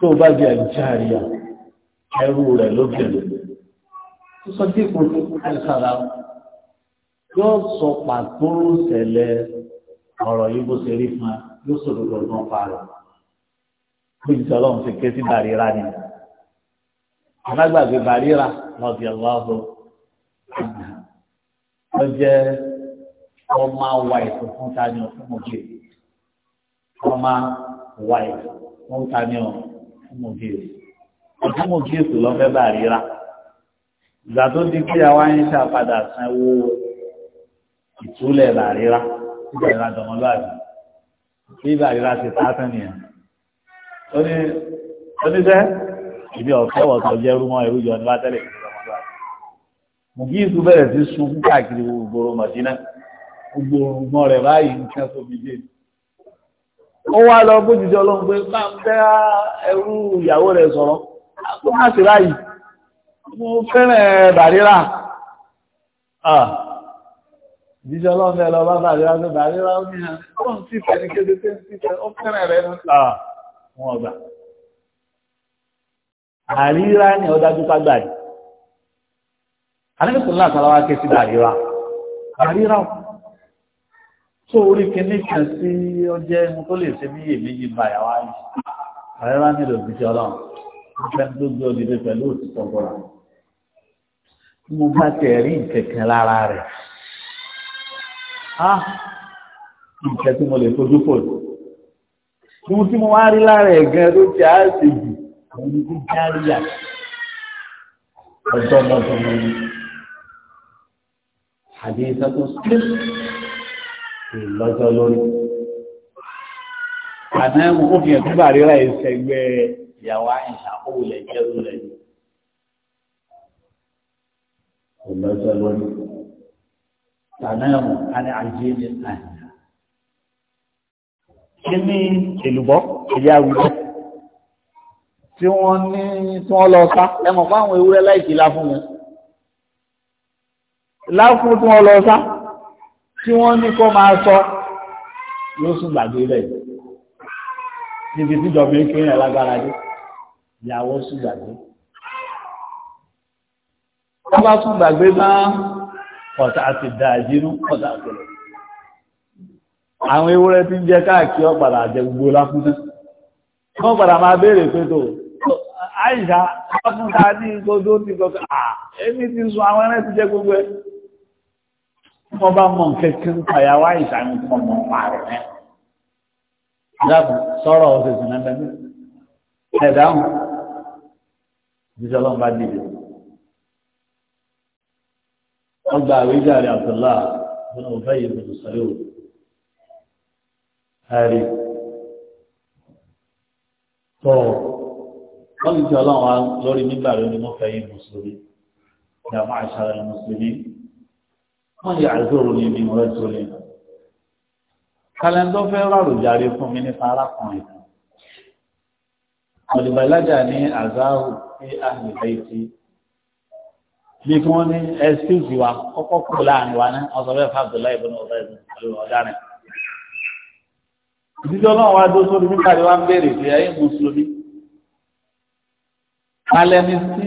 tó bá di àjíjáríà ẹrú rẹ̀ lóbìnrin tó sọ tí kò tó kúrò sára yóò sọ pàtó ṣẹlẹ̀ ọ̀rọ̀ yìí bó ṣe rí fún wa yóò sọ̀rọ̀ lọ́gbọ́n pa rẹ̀ kó ìjọ ọlọ́run ti ké sí bàríra ni alágbàgbé bàríra lọ́ọ̀dì ọlọ́run ló jẹ́ ọmọ àwa ètò fún tani ọ fún òbí ọmọ àwa ètò fún tani ọ fún òbí ọdún òbí ètò lọ́fẹ́ bá ríra ìgbà tó di pé àwa ń ṣàpadà san owó ìtúlẹ̀ bá ríra nígbà ìlà dọ̀mọ́lúwàbí bí bá ríra ti ta tán nìyẹn ó ní ó ní sẹ́ ìbí ọ̀fẹ́ wọ̀tọ̀ jẹ́ rúmọ́ ìrújọ ní bá tẹ́lẹ̀ mùkíyìsù bẹ̀rẹ̀ sí sunkún káàkiri gbogbo mọ̀dínà gbogbo ọmọ rẹ̀ báyìí nǹkan tó fi dé ó wá lọ bójútó ọlọ́run pé bá ń bẹ́ ẹrú ìyàwó rẹ̀ sọ̀rọ̀ tó má sí báyìí mo fẹ́ràn bàrírà ìdíjọ́ ọlọ́run bẹ́ẹ̀ lọ bá bàrírà pé bàrírà ó ní àwọn tí ìfẹ́ ní kéde tó ń tìfẹ́ ó fẹ́ràn rẹ̀ ní wọn ọgbà àríra ni ọdájú ká gbà àlẹ́bí sọ̀rọ̀ láti aláwa kẹ́ sí bàríra bàríra tó orí kìíní kan sí ọjẹ́ mo tó lè ṣe bí èméjì ń ba ìyàwó ayé bàríra nílò òbíṣẹ́ ọlọ́run ìfẹ́ tó gbé òdìdí pẹ̀lú òtítọ́ bọ́ra mo bá tẹ̀ rí nkẹ̀kẹ́ lára rẹ̀ á ah! nkẹ́ tí mo lè fojú fò ohun tí mo wá rí lára ẹ̀ gan ló ti á ṣe jù àwọn ibi járíyà ọjọ́ ọmọdé wọn ni àdéhùn tó sí ìlọ́jọ́ lórí. Àná ó fi ẹ̀kú bà ríra ìṣẹ̀gbẹ́ ìyàwó àìsàn owó lẹ̀ jẹ́rú lẹ̀ ní. Ìlọ́jọ́ lórí. Àná ẹ̀mú a ní àjẹ́ ní àìsàn. Kí ni èlùbọ́ ẹ̀yà àwùjọ? Tí wọ́n ní tí wọ́n lọ sá, ẹ mọ̀ fún àwọn ewúrẹ́ láìsí lá fún mi láfún tí wọ́n lọ sá tí wọ́n ní kó máa sọ yóò sùn gbàgbé rẹ̀ níbi tíjọba ń kéèyàn lágbára dé ìyàwó sùn gbàgbé wọ́n bá sùn gbàgbé máa ọ̀tá àti dàjínú ọ̀tá àti lọ àwọn ewúrẹ́ tí ń jẹ káàkiri ọ̀padà àjẹ gbogbo láfúnná wọ́n padà máa béèrè pé tó àìsà láfúnná ní ìkọjọ́ ti kọ́kọ́ à èmi ti sun àwọn ẹrẹ́ ti jẹ gbogbo ẹ̀ wọ́n bá mọ nǹkan kí ń pàyà wá ìsàmì kan mọ̀ pa rẹ̀ mẹ́. Dábò sọ̀rọ̀ ọ̀sẹ̀ sùn náà bẹ́ẹ̀ ẹ̀ dáhùn. Jíjọ́ ọlọ́run bá dìde. Wọ́n gba àwé jàre Abdullah wọn ò yìí lọ́dún sọ́yọ́. Ẹ̀rí. Tọ́ wọ́n lè jẹ́ ọlọ́run wa lórí nígbà rẹ̀ ni yìí mùsùlùmí. Ìyá máa ṣàlàyé mùsùlùmí wọ́n yà àzọ̀rọ̀ ní ibi wọ́n tó lé. kalẹ́ńdọ́ fẹ́ rárò jàre fún mi nípa arákùnrin kan. ọ̀dìbàlájà ní àzáhù sí àhìnbẹ́ ti bí kí wọ́n ní ẹ́síkìsì wa kọ́kọ́ kú láàrin wa ní ọ̀sán bẹ́ẹ̀ fàbùlá ìbọn ọ̀sán ìbọn ọ̀daràn. ìdíjọ́ náà wá dó sórí nípa ìwà ń béèrè pé ẹ̀yin mùsùlùmí. kalẹ́ni sí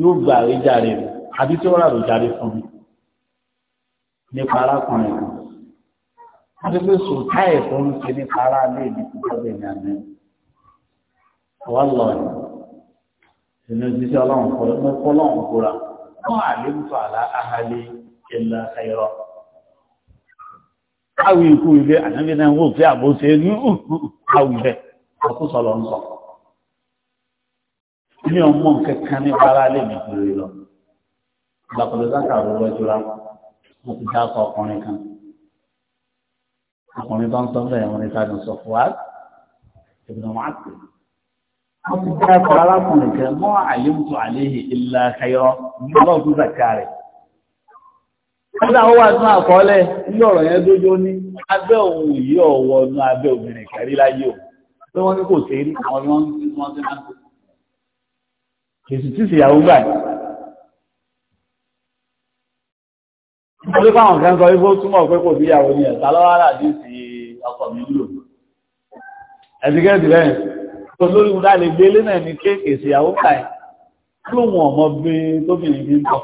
yóò gbà rí jàre àbí tí ó rárò fún mi nípa arákùnrin kan wọ́n ti pé sùtá ẹ̀fọ́ ń ṣe nípa ará ilé ìlú ìjọba ìrìn àmì ọwọ́ lọ ni ìlú ìjíṣẹ́ ọlọ́run kọ́ ló kọ́ lọ́run kóra wọ́n àlékún àlá ahali ìlà ẹ̀rọ. káwí ikú ilé ànábì náà wò pé àbò ṣe ní káwí bẹ́ẹ̀ ọkùsọ̀ lọ ń sọ. ní ọmọ nǹkan kan ní ará ilé ìjọba ìrìn lọ. ìgbàkọ̀dọ̀ sákàrọ̀ lọ́jọ́ ráńpọ̀ mo ti dá ọkọ ọkùnrin kan ọkùnrin tó ń sọ bẹ́ẹ̀ wọn ni sádùn sọ fún wa ìbùdó wọn á pè wọn ti dá ọkọ arákùnrin kan mọ àyèmùtò àléhì ilá kayọ ní ọlọ́ọ̀kú zàkà rẹ̀ kódà ó wà nínú àkọọ́lẹ̀ ní ọ̀rọ̀ yẹn dójó ní abẹ́ òun yìí ọ̀wọ́ nú abẹ́ obìnrin kẹrí láyé o pé wọ́n ní kò sí àwọn ni wọ́n ti máa ń pè. èsì tí gbà yìí. Torí fáwọn kan sọ wípé ó túmọ̀ pé kò síyàwó ní ẹ̀ta lọ́wọ́rà dì sí ọkọ̀ mi lò. Ẹ̀dígẹ́dì rẹ̀ tó lórí mú dáa lè gbé lé náà ní kéèkè síyàwó káì. Lóhun ọmọ bí tóbìnrin bí ń tọ̀.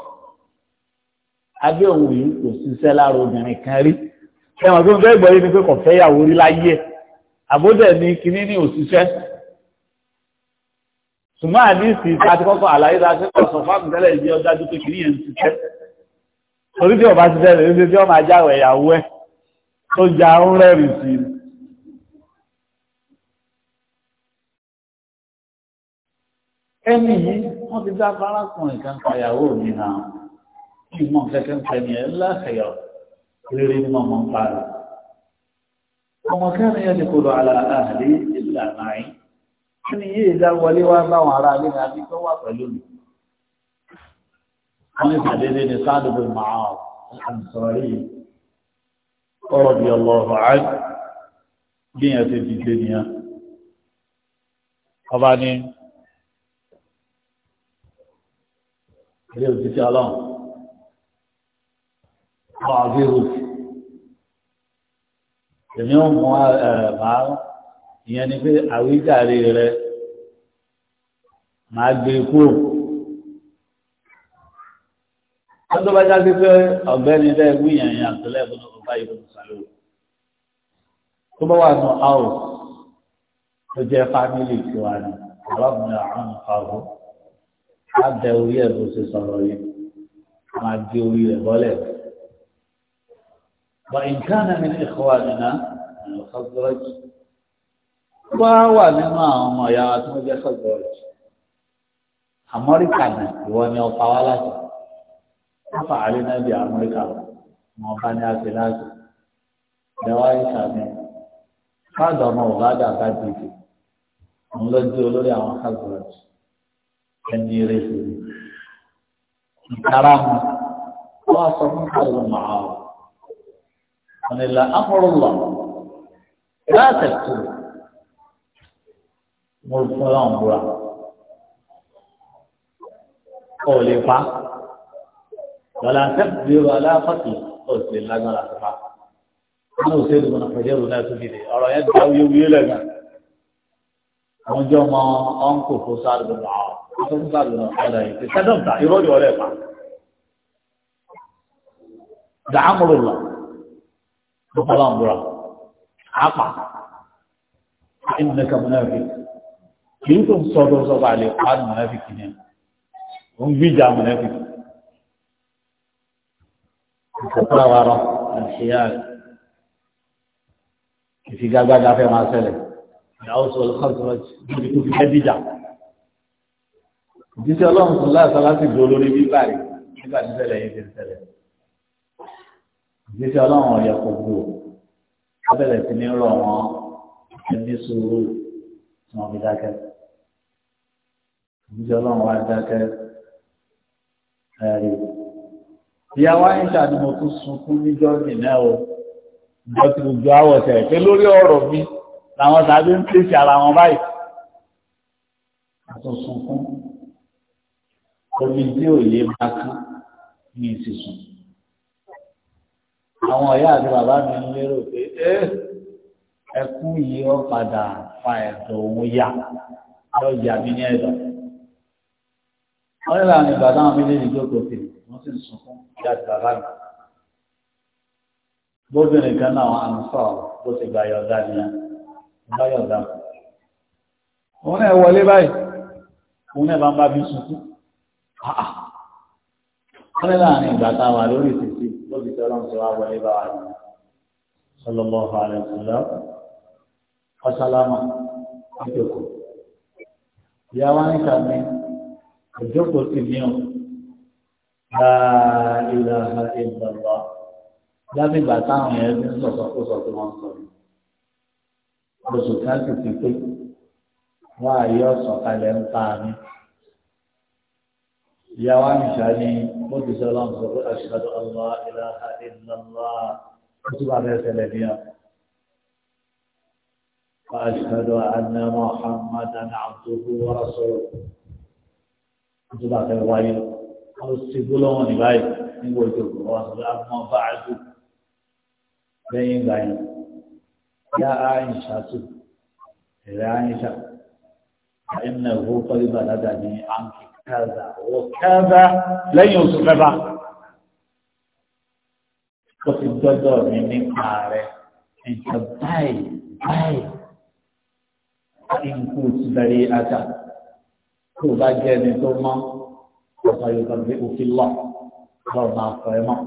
Abẹ́ òun yìí kò ṣiṣẹ́ lára obìnrin kan rí. Ẹ̀wọ̀n tó ń fẹ́ gbọ́ yìí ni pé kò fẹ́ yàwó rí láyé ẹ̀. Àbódẹ̀ ni kinní ní òṣìṣẹ́ ṣùgbọ́n àdíìsì àti kọ́kọ́ àlàyé láti pọ̀sọ̀ fáàmù tẹ́lẹ̀ ìdí ọjọ́ ajútó kìí yẹn ti tẹ́ torí tí ọba ti bẹ̀rẹ̀ ní tí ọmọ ajá rẹ̀ ìyàwó ẹ̀ tó ja ń rẹ̀rì sí ẹni yìí wọ́n ti dá farakùnrin kan pa ìyàwó mi náà kí n kẹ́kẹ́ ń pẹ́ ní ẹ̀ láṣẹ̀yọ̀ rere ní ọmọ ń parí. ọmọ kẹrin yẹn ti kúrò àlà àdé ìlànà yìí. ẹni yìí dá wọlé wá báwọn ará ilé ní adé tó wà pẹ̀lú mi wọ́n ní sàdédé ní sáàdù bin Mu'adh al-Ansari radiyallahu anhu bí yẹn ti dìde nìyẹn ọba ní ilé òtítí ọlọ́run ọba àbírù èmi ò mú ẹ ìyẹn ni pé àwíjàre rẹ máa gbé kúrò. wọ́n tó bá já sí pé ọ̀gbẹ́ni dẹ́ wíyàn yẹn àtọ́lẹ̀ ìbùdó kò bá ìbùdó sàlẹ̀ o tó bá wà nù áwò tó jẹ́ fámìlì tí wà ní ọlọ́mọdé àwọn ìfàwọ́ á bẹ orí ẹ̀ bó ṣe sọ̀rọ̀ yìí máa gé orí rẹ̀ bọ́lẹ̀ wà nǹkan náà mi ní ìkọ́wà nínú ọ̀sọ́gbọ́rọ̀jì wá wà nínú àwọn ọmọ ìyá wa tí wọ́n jẹ́ sọ́gbọ́rọ̀jì Amẹ́ríkà náà ìwọ ni ọ̀pá haka ali na bi amurka ba ma ba ni ase lazu da wa yi sami fada ọmọ ọba da ka dìde òun ló di olórí àwọn hazard ẹni eré ìṣòro ìtara mu ó fún kàlù màá o wọn amúrú lọ láti tù mo fún ọ ń bura ó lè pa wàlá àtẹ́kùnrin wàlá àpàtì ó sì lágbára àtàkà wọn ò sẹ́yìn lọ́nà pẹ̀lú ẹ̀rọ náà tó dìde ọ̀rọ̀ yẹn dá wíwíwí lẹ́gbà àwọn jọ mọ ọ̀nkò fún sáré gbogbo àwọn tó ń sáré lọ ọ̀dà yìí ti sẹ́dọ̀ ta ìrọ́lẹ̀ ọ̀rẹ́ pa dàámùrù lọ bọ́lá ń bọ̀rọ̀ àpà ìnìkan mọ́nàfì kì í tó ń sọ́dọ̀ sọ́ba àlè pa mọ́nàfì kìíní ó ń gbìjà mọ́nàfì kìíní ìfọ̀kúràwárọ̀ àṣeyá ìfigagbága fẹ́ máa ṣẹlẹ̀ ìyàwó sọ lọ́sọ̀rọ̀jì níbi tó fi fẹ́ dìjà. ìjíṣẹ́ ọlọ́run sọ láti láti dúró lórí bíbá rẹ̀ nígbà tí ṣẹlẹ̀ yìí ti ń ṣẹlẹ̀. ìjíṣẹ́ ọlọ́run ọ̀yà kò gbò abẹ́rẹ́ sí ní rọ̀ wọ́n ẹni sùúrù tí wọ́n fi dákẹ́. ìjíṣẹ́ ọlọ́run wá dákẹ́ ẹ̀rí ìyàwó àyíṣà ni mo tún sunkún níjọ́ nìyẹn o ìjọ ti gbogbo àwọ̀ tẹ̀ pé lórí ọ̀rọ̀ mi làwọn tàbí ń pèsè ara wọn báyìí àtún sunkún omi tí ò yé máa kán ní ìsìsùn àwọn ọ̀yá àti bàbá mi ń lérò pé ẹkún yìí ó padà fa ẹ̀dọ̀ òun yá lọ́jà mi ní ẹ̀dọ̀ wọ́n ní láàrin ìgbà táwọn méjèèjì jókòó sí wọ́n sì ń sunkún ìyá àtàrà mi. Bóbìnrin kan náà àwọn àmúsọ̀ bó ti gba yọ̀ọ̀dá nìyẹn, bá yọ̀ọ̀dá. Òun náà wọlé báyìí, òun náà bá ń bá bí sunkún. Wọ́n ní láàrin ìgbà tá a wà lórí ìtìsí, lóbi tí ọlọ́run ti wọlé bá wa nìyẹn. Sallallahu alaihi wasallam. Ọ̀sálámà, ìjòkó. Ìyá wa ń kà mí, ti ní ọ̀. ìlànà ìlànà lábẹ́ ìgbà táwọn yẹn ń sọ̀sọ̀ kó sọ pé wọ́n sọ ni oṣù kan sì ti pé wọ́n á yọ sọ̀kalẹ̀ ń pa mi. ìyàwó àmìṣà ni mo ti sọ lọ́nà sọ pé ashhadu an la ilaha illallah ó tún bá fẹ́ ṣẹlẹ̀ ní ọ. وأشهد أن محمدا عبده ورسوله. أنتم بعد الغيب wọn ti gbólóhùn ní báyìí nígbà tó kù wọn sọ àmọ́ bá a dùn lẹ́yìn ìgbà yìí yá àyìnṣà tù èrè àyìnṣà àyìnṣà ìwọ kọlíbà ládà ní àǹkì kẹta wọ kẹta lẹ́yìn oṣù mẹ́fà ó ti gbọ́dọ̀ mi nípa rẹ̀ nǹkan báyìí báyìí nǹkú ti bẹ̀rẹ̀ ata tó o bá jẹ́ ẹni tó mọ́ ọ̀pọ̀ yorùbá gbé òfin lọ lọ́wọ́ máa fọ ẹ mọ́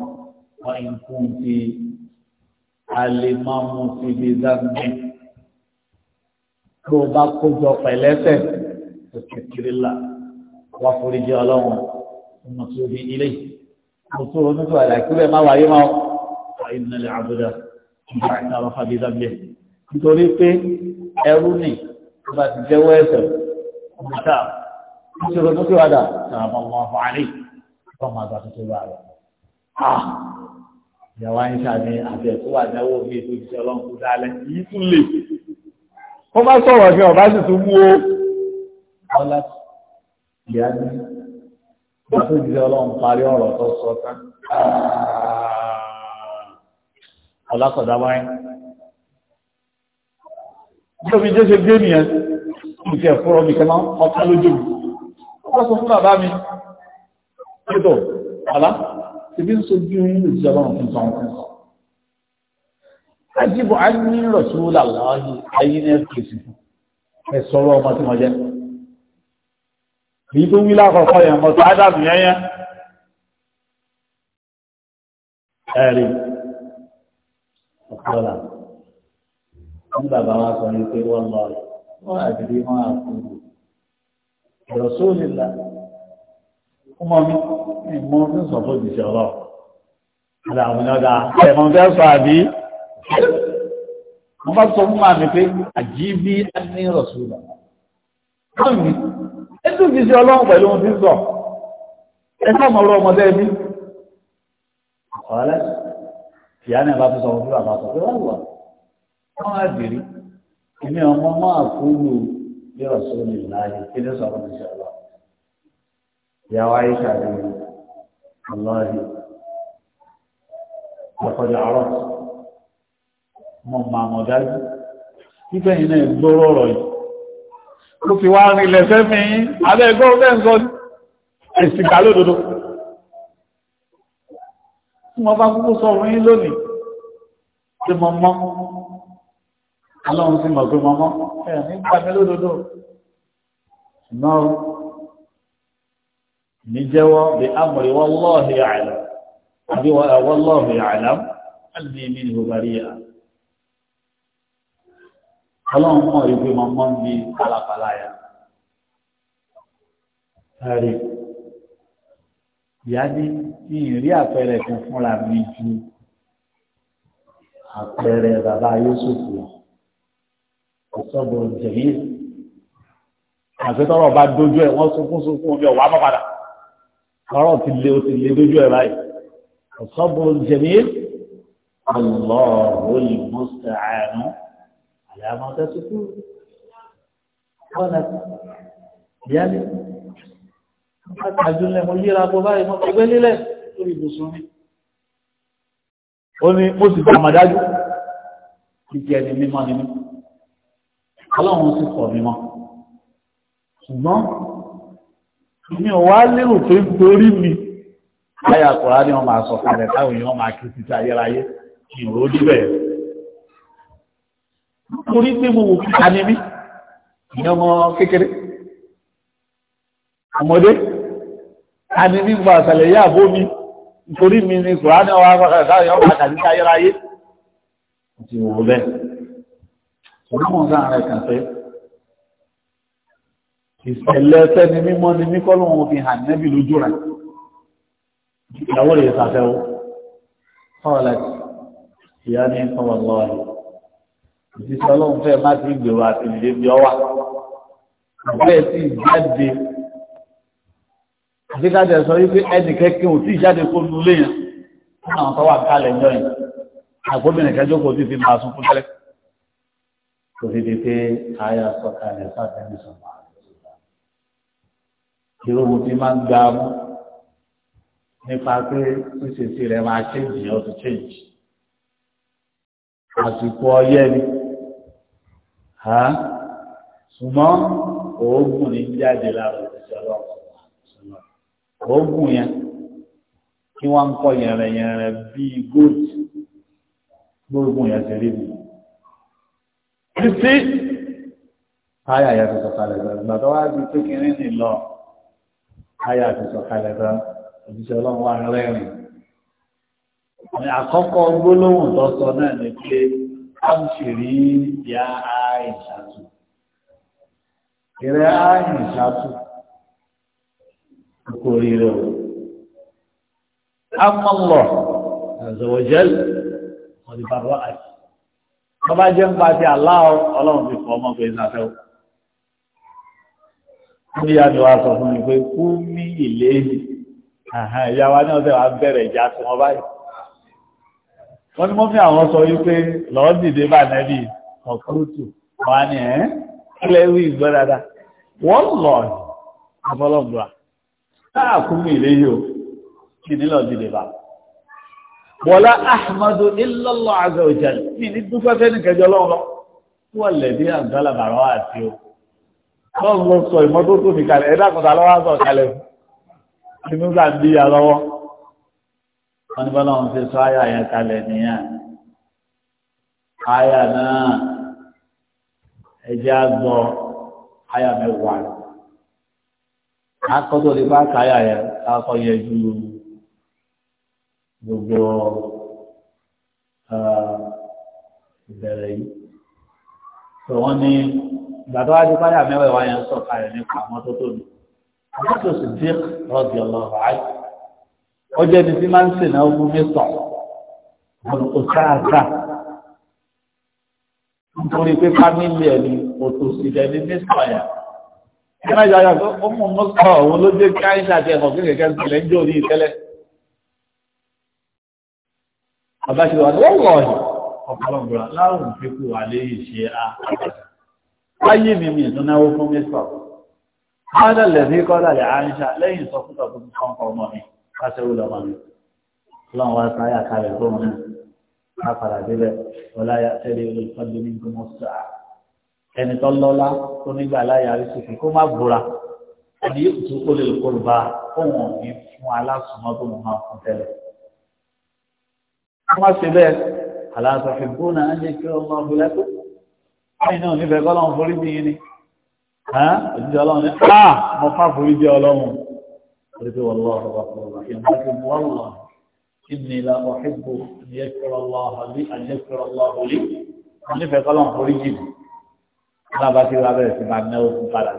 wọ́n ń kún ti alimamu ti di zambi tó o bá kójọ pẹ̀lẹ́sẹ̀ tó kékeré la wá foríjì ọlọ́run ọmọ tó di ilé mo tó o nítorí àlàkí rẹ̀ má wáyé máa wà ìnàlẹ̀ àbúdá ìgbà ìtàwọn fàbí zambi nítorí pé ẹrú ni tó bá ti jẹ́wọ́ ẹ̀sẹ̀ ọmọ táà ó ti ronú síwádà sàmà ọmọ àfààní ọmọ àgbà tó ti wà rẹ. ìyàwó ayé sàmì àti ẹ̀kọ́ wà náwó mi ètò ìṣẹ́ ọlọ́run kú dálẹ̀ yìí tún lè. ó bá sọ̀rọ̀ mi ọ̀bá sì tún mú o. ọlá ìyá ní wọ́n tó ìṣẹ́ ọlọ́run parí ọ̀rọ̀ tó sọ tán. Ah! ọlá kọ̀dá wáyé. bí omi jẹ́ ṣe gbé nìyẹn ìfẹ́ fúnra mi kan máa ń kọ́ta lójú mi wọ́n sọ fún bàbá mi pẹ́tọ̀ àlá ibi ń sojú yín lè jẹ́ ọlọ́run fún sọ́wọ́n fún sọ́wọ́n ajibu anyi rọ̀súlà láàyè ayé ní fkc ẹ sọ̀rọ̀ ọmọ tí wọ́n jẹ́ èyí tó wí lákọ̀ọ́kọ́ yẹn mọ́tò ọ̀pọ̀lá wọ́n bàbá wa sọ ní pé wọ́n lọ rẹ̀ wọ́n àdìrí wọn àkúrò Rasulillah ọmọ mi ìmọ̀ ní sọ̀fọ́ ìdíṣẹ́ ọ̀rọ̀ ọ̀dà àwọn ọ̀dà ẹ̀mọ̀ fẹ́ sọ àbí wọ́n bá sọ fún àmì pé àjíbí ní Rasulillah ọ̀mí ẹ̀tù ìdíṣẹ́ ọlọ́run pẹ̀lú ohun tí ń sọ ẹ sáàmù ọ̀rọ̀ ọmọdé ẹbí ọ̀rẹ́ ìyá náà bá fi sọ fún àbá sọ pé wọ́n wà wọ́n á dìrí ìmí ọmọ máa kúrú ní ọ̀sán ní ìlànà kí ló sọ̀rọ̀ ní sọ̀rọ̀ ìyàwó àyíká ni ọlọ́ọ̀dì ọ̀kọ̀dà ọ̀rọ̀ mọ̀ mọ̀ àmọ̀ dájú nígbà yìí náà gbóró ọ̀rọ̀ yìí ó fi wá rin ilẹ̀ fẹ́mi abẹ́gbọ́ fẹ́ǹsọ ẹ̀sìn ìgbà lódodo tí wọ́n bá kúkú sọ fún yín lónìí tí mo mọ́ ọlọ́run ti mọ̀ pé mọ́mọ́ ẹ̀ nígbà mi lódodo ṣùgbọ́n ní jẹ́wọ́ bí amòrí wọ́lọ́ọ̀hì àìlọ́ àbí wọ́lọ́ọ̀hì àìlọ́ àbí mi ní bùbárí yà ọlọ́run mọ̀ ìwé mọ́mọ́ ń bí pàlàpàlà yà sáré ìyá ní ní àpẹẹrẹ bàbá Yusuf ọ̀sọ́gbọ̀n jẹ̀yìn àṣetọ́rọ̀ bá dojú ẹ̀ wọ́n sunkún sunkún omi ọ̀wá bá padà ọ̀rọ̀ ti lé o ti lé dojú ẹ̀ báyìí ọ̀sọ́gbọ̀n jẹ̀yìn ọlọ́ọ̀rọ̀ ìmọ̀ọ́sẹ̀ àánú àlàmọ́ tẹ́síkú ọ̀nà ìyáni àjùlẹ̀ mo yíra bó báyìí mo ti gbé lílẹ̀ lórí ibùsùn mi ó ní mo sì gbàmọ̀dájú kíkẹ́ ni mímọ́ ni mímọ́ ọlọ́run sì pọ̀ mímọ́ ṣùgbọ́n mi ò wá lérò pé nítorí mi àyà kọ̀ọ̀rá ni wọ́n máa sọ kalẹ̀ táwọn èèyàn máa kí títí ayérayé kí n ò níbẹ̀ nítorí pé mo wò kíkà ni mí ìyẹn ọmọ kékeré ọmọdé a ni mí gba ọ̀sẹ̀lẹ̀ yá àbó mi nítorí mi ni kọ̀ọ̀rá ni wọ́n máa sọ kalẹ̀ táwọn èèyàn máa kà títí ayérayé ti wò bẹ́ẹ̀ ṣùgbọ́n sáà rẹ̀ kàn fẹ́ ìṣẹ̀lẹ̀ ẹsẹ́ni mímọ́ ni mí kọ́lọ́wọ́n fi hàn nẹ́bì lójú rẹ̀ ìyàwó rẹ̀ ṣàfẹ́wó ọ̀lẹ̀ ìyá ní ọwọ́ lọ́ọ̀rẹ̀ ìṣiṣẹ́ ọlọ́run fẹ́ má ti gbèrò àti ìdílé bí ọwà ọ̀fẹ́ sì jáde àti kájọ sọ wípé ẹnì kẹ́kẹ́ ò tí ì jáde kó nulẹ̀ yẹn fún àwọn tó wà kálẹ̀ yọ yẹn àgbóbìnrin kẹjọ kò tí ì fi máa sunkún tẹ́lẹ̀ torí di pé àyà sọ̀kalẹ̀ sáfẹ́mi sọ̀rọ̀ irú ohun tí máa ń gbà mú nípa pé sísèsì rẹ̀ máa ṣéǹjì ọtún ṣéǹjì àsìkò ọyẹ́ ni ṣùgbọ́n òógùn ní jáde lára òṣìṣẹ́ ọlọ́pàá òógùn yẹn kí wọ́n ń kọ́ yẹrẹyẹrẹ bíi gold gbóògùn yẹn ti rí nìyẹn títí ayé àyà ti sọ̀kalẹ̀ gan ìgbà tó wá di pé kínní nì lọ ayé àti sọ̀kalẹ̀ gan òjíṣẹ́ ọlọ́run wà rẹ́rìn àkọ́kọ́ gbólóhùn tó sọ náà ni pé àǹṣìrí ìyá àìṣàtù ìrẹ́ àìṣàtù kò rí rẹ̀ o. amọ̀lọ̀ àzọ̀wọ̀jẹ́lì ọ̀dìbàbọ̀ àti wọ́n bá jẹ́ ń pa ti aláwọ̀ ọlọ́run ti fọ ọmọ pé ìsàfẹ́wò ní ìyáàdì wa sọ fún mi pé kú ní ilé yìí ìyá wa ní ọ̀sẹ̀ wa bẹ̀rẹ̀ ìjà tí wọ́n báyìí wọ́n ní mo fi àwọn sọ wípé lọ́ọ́ dìde bá nẹ́bí ọ̀kúrútù wọn ni ẹ̀ kílẹ̀wì gbọ́ dáadáa wọ́n lọ àfọlọ́gbà káàkùn ilé yìí o kì ní lọ́ọ́ dìde bá wọlá ahmadu ilọlọ azọjàl mi ní dúpẹ́ fẹ́ni kẹjọ lọ́wọ́ wọ́n lè ní àgbàlá bàrọ́ àti o wọ́n lọ sọ ìmọ́tótó mi kalẹ̀ ẹ̀dá kan tàlọ́wọ́ sọ kalẹ̀ fún inú gbà ń bí ya lọ́wọ́ wọ́n ní bọ́lá wọn fi sọ àyà yẹn kalẹ̀ nìyẹn àyà náà ẹ̀jẹ̀ àgbọ̀ àyà mẹ́wàá akọ́tò lè bá kàyà yẹn kakọ́ yẹ ju gbogbo ah, ìbẹ̀rẹ̀ yìí. Sọ wọ́n ní ìgbà tó wá di báyà mẹ́wàá wáyà ń sọ kalẹ̀ nípa àwọn tó tóbi. Àwọn tó sì dín lọ́dì ọlọ́rọ̀ ayé. Ó jẹ́ ní tí máa ń sè náà fún mẹ́sàn. Ó sáàsà. Nítorí pé fámìlì ẹ̀ ni òtòsí ẹ̀ ní mẹ́sàn yà. Ẹ má jẹ́ àyàfọ́, ó mú mọ́sàn òun ló dé káyíṣà àti ẹ̀kọ́ kékeré kẹ́sìlẹ̀ ń bàbá ṣe wà lọ́wọ́ ọ̀yìn ọ̀pọ̀lọpọ̀ láwùn fi kú wà lè ṣe a wáyé mi mi ìtún náwó fún mísọ̀ mọ́dà lẹ́sí kọ́dà lè àáṣà lẹ́yìn sọkútọ̀ tó ti kọ́ńkọ́ ọmọ mi káṣẹ́wó lọ́mọ mi ọlọ́run wá sáyà kalẹ̀ fún mi náà padà débẹ̀ ọláyà tẹ́lẹ̀ olùkọ́jú ní gbọmọ sáà ẹni tó lọ́lá tó nígbà láyà àríṣìkì kó má búra ẹni yóò tún kó lè kó lù bá ò ní fún alásùnmọ́ tó mọ̀ máa fún tẹ́lẹ̀ má ṣe bẹ́ẹ̀ àlàáfíà fìbú náà ń jẹ́ kí ọmọ ọ̀gbìnlẹ́kù ẹ̀yìn náà níbẹ̀ kọ́ lọ́n forí bí ní ọjọ́ ọlọ́run ní à mọ fà forí jẹ́ ọlọ́run orí pé wọ́n lọ́wọ́ ọ̀rọ̀ ọ̀rọ̀ ìmọ̀tí wọ́n lọ ìdí ìlà ọ̀hìnbó àjẹkọ̀rọ̀lọ́hùlí nífẹ̀ẹ́ kọ́ lọ́n forí jì náà bá ti wá bẹ̀rẹ̀ sí máa ná ogun padà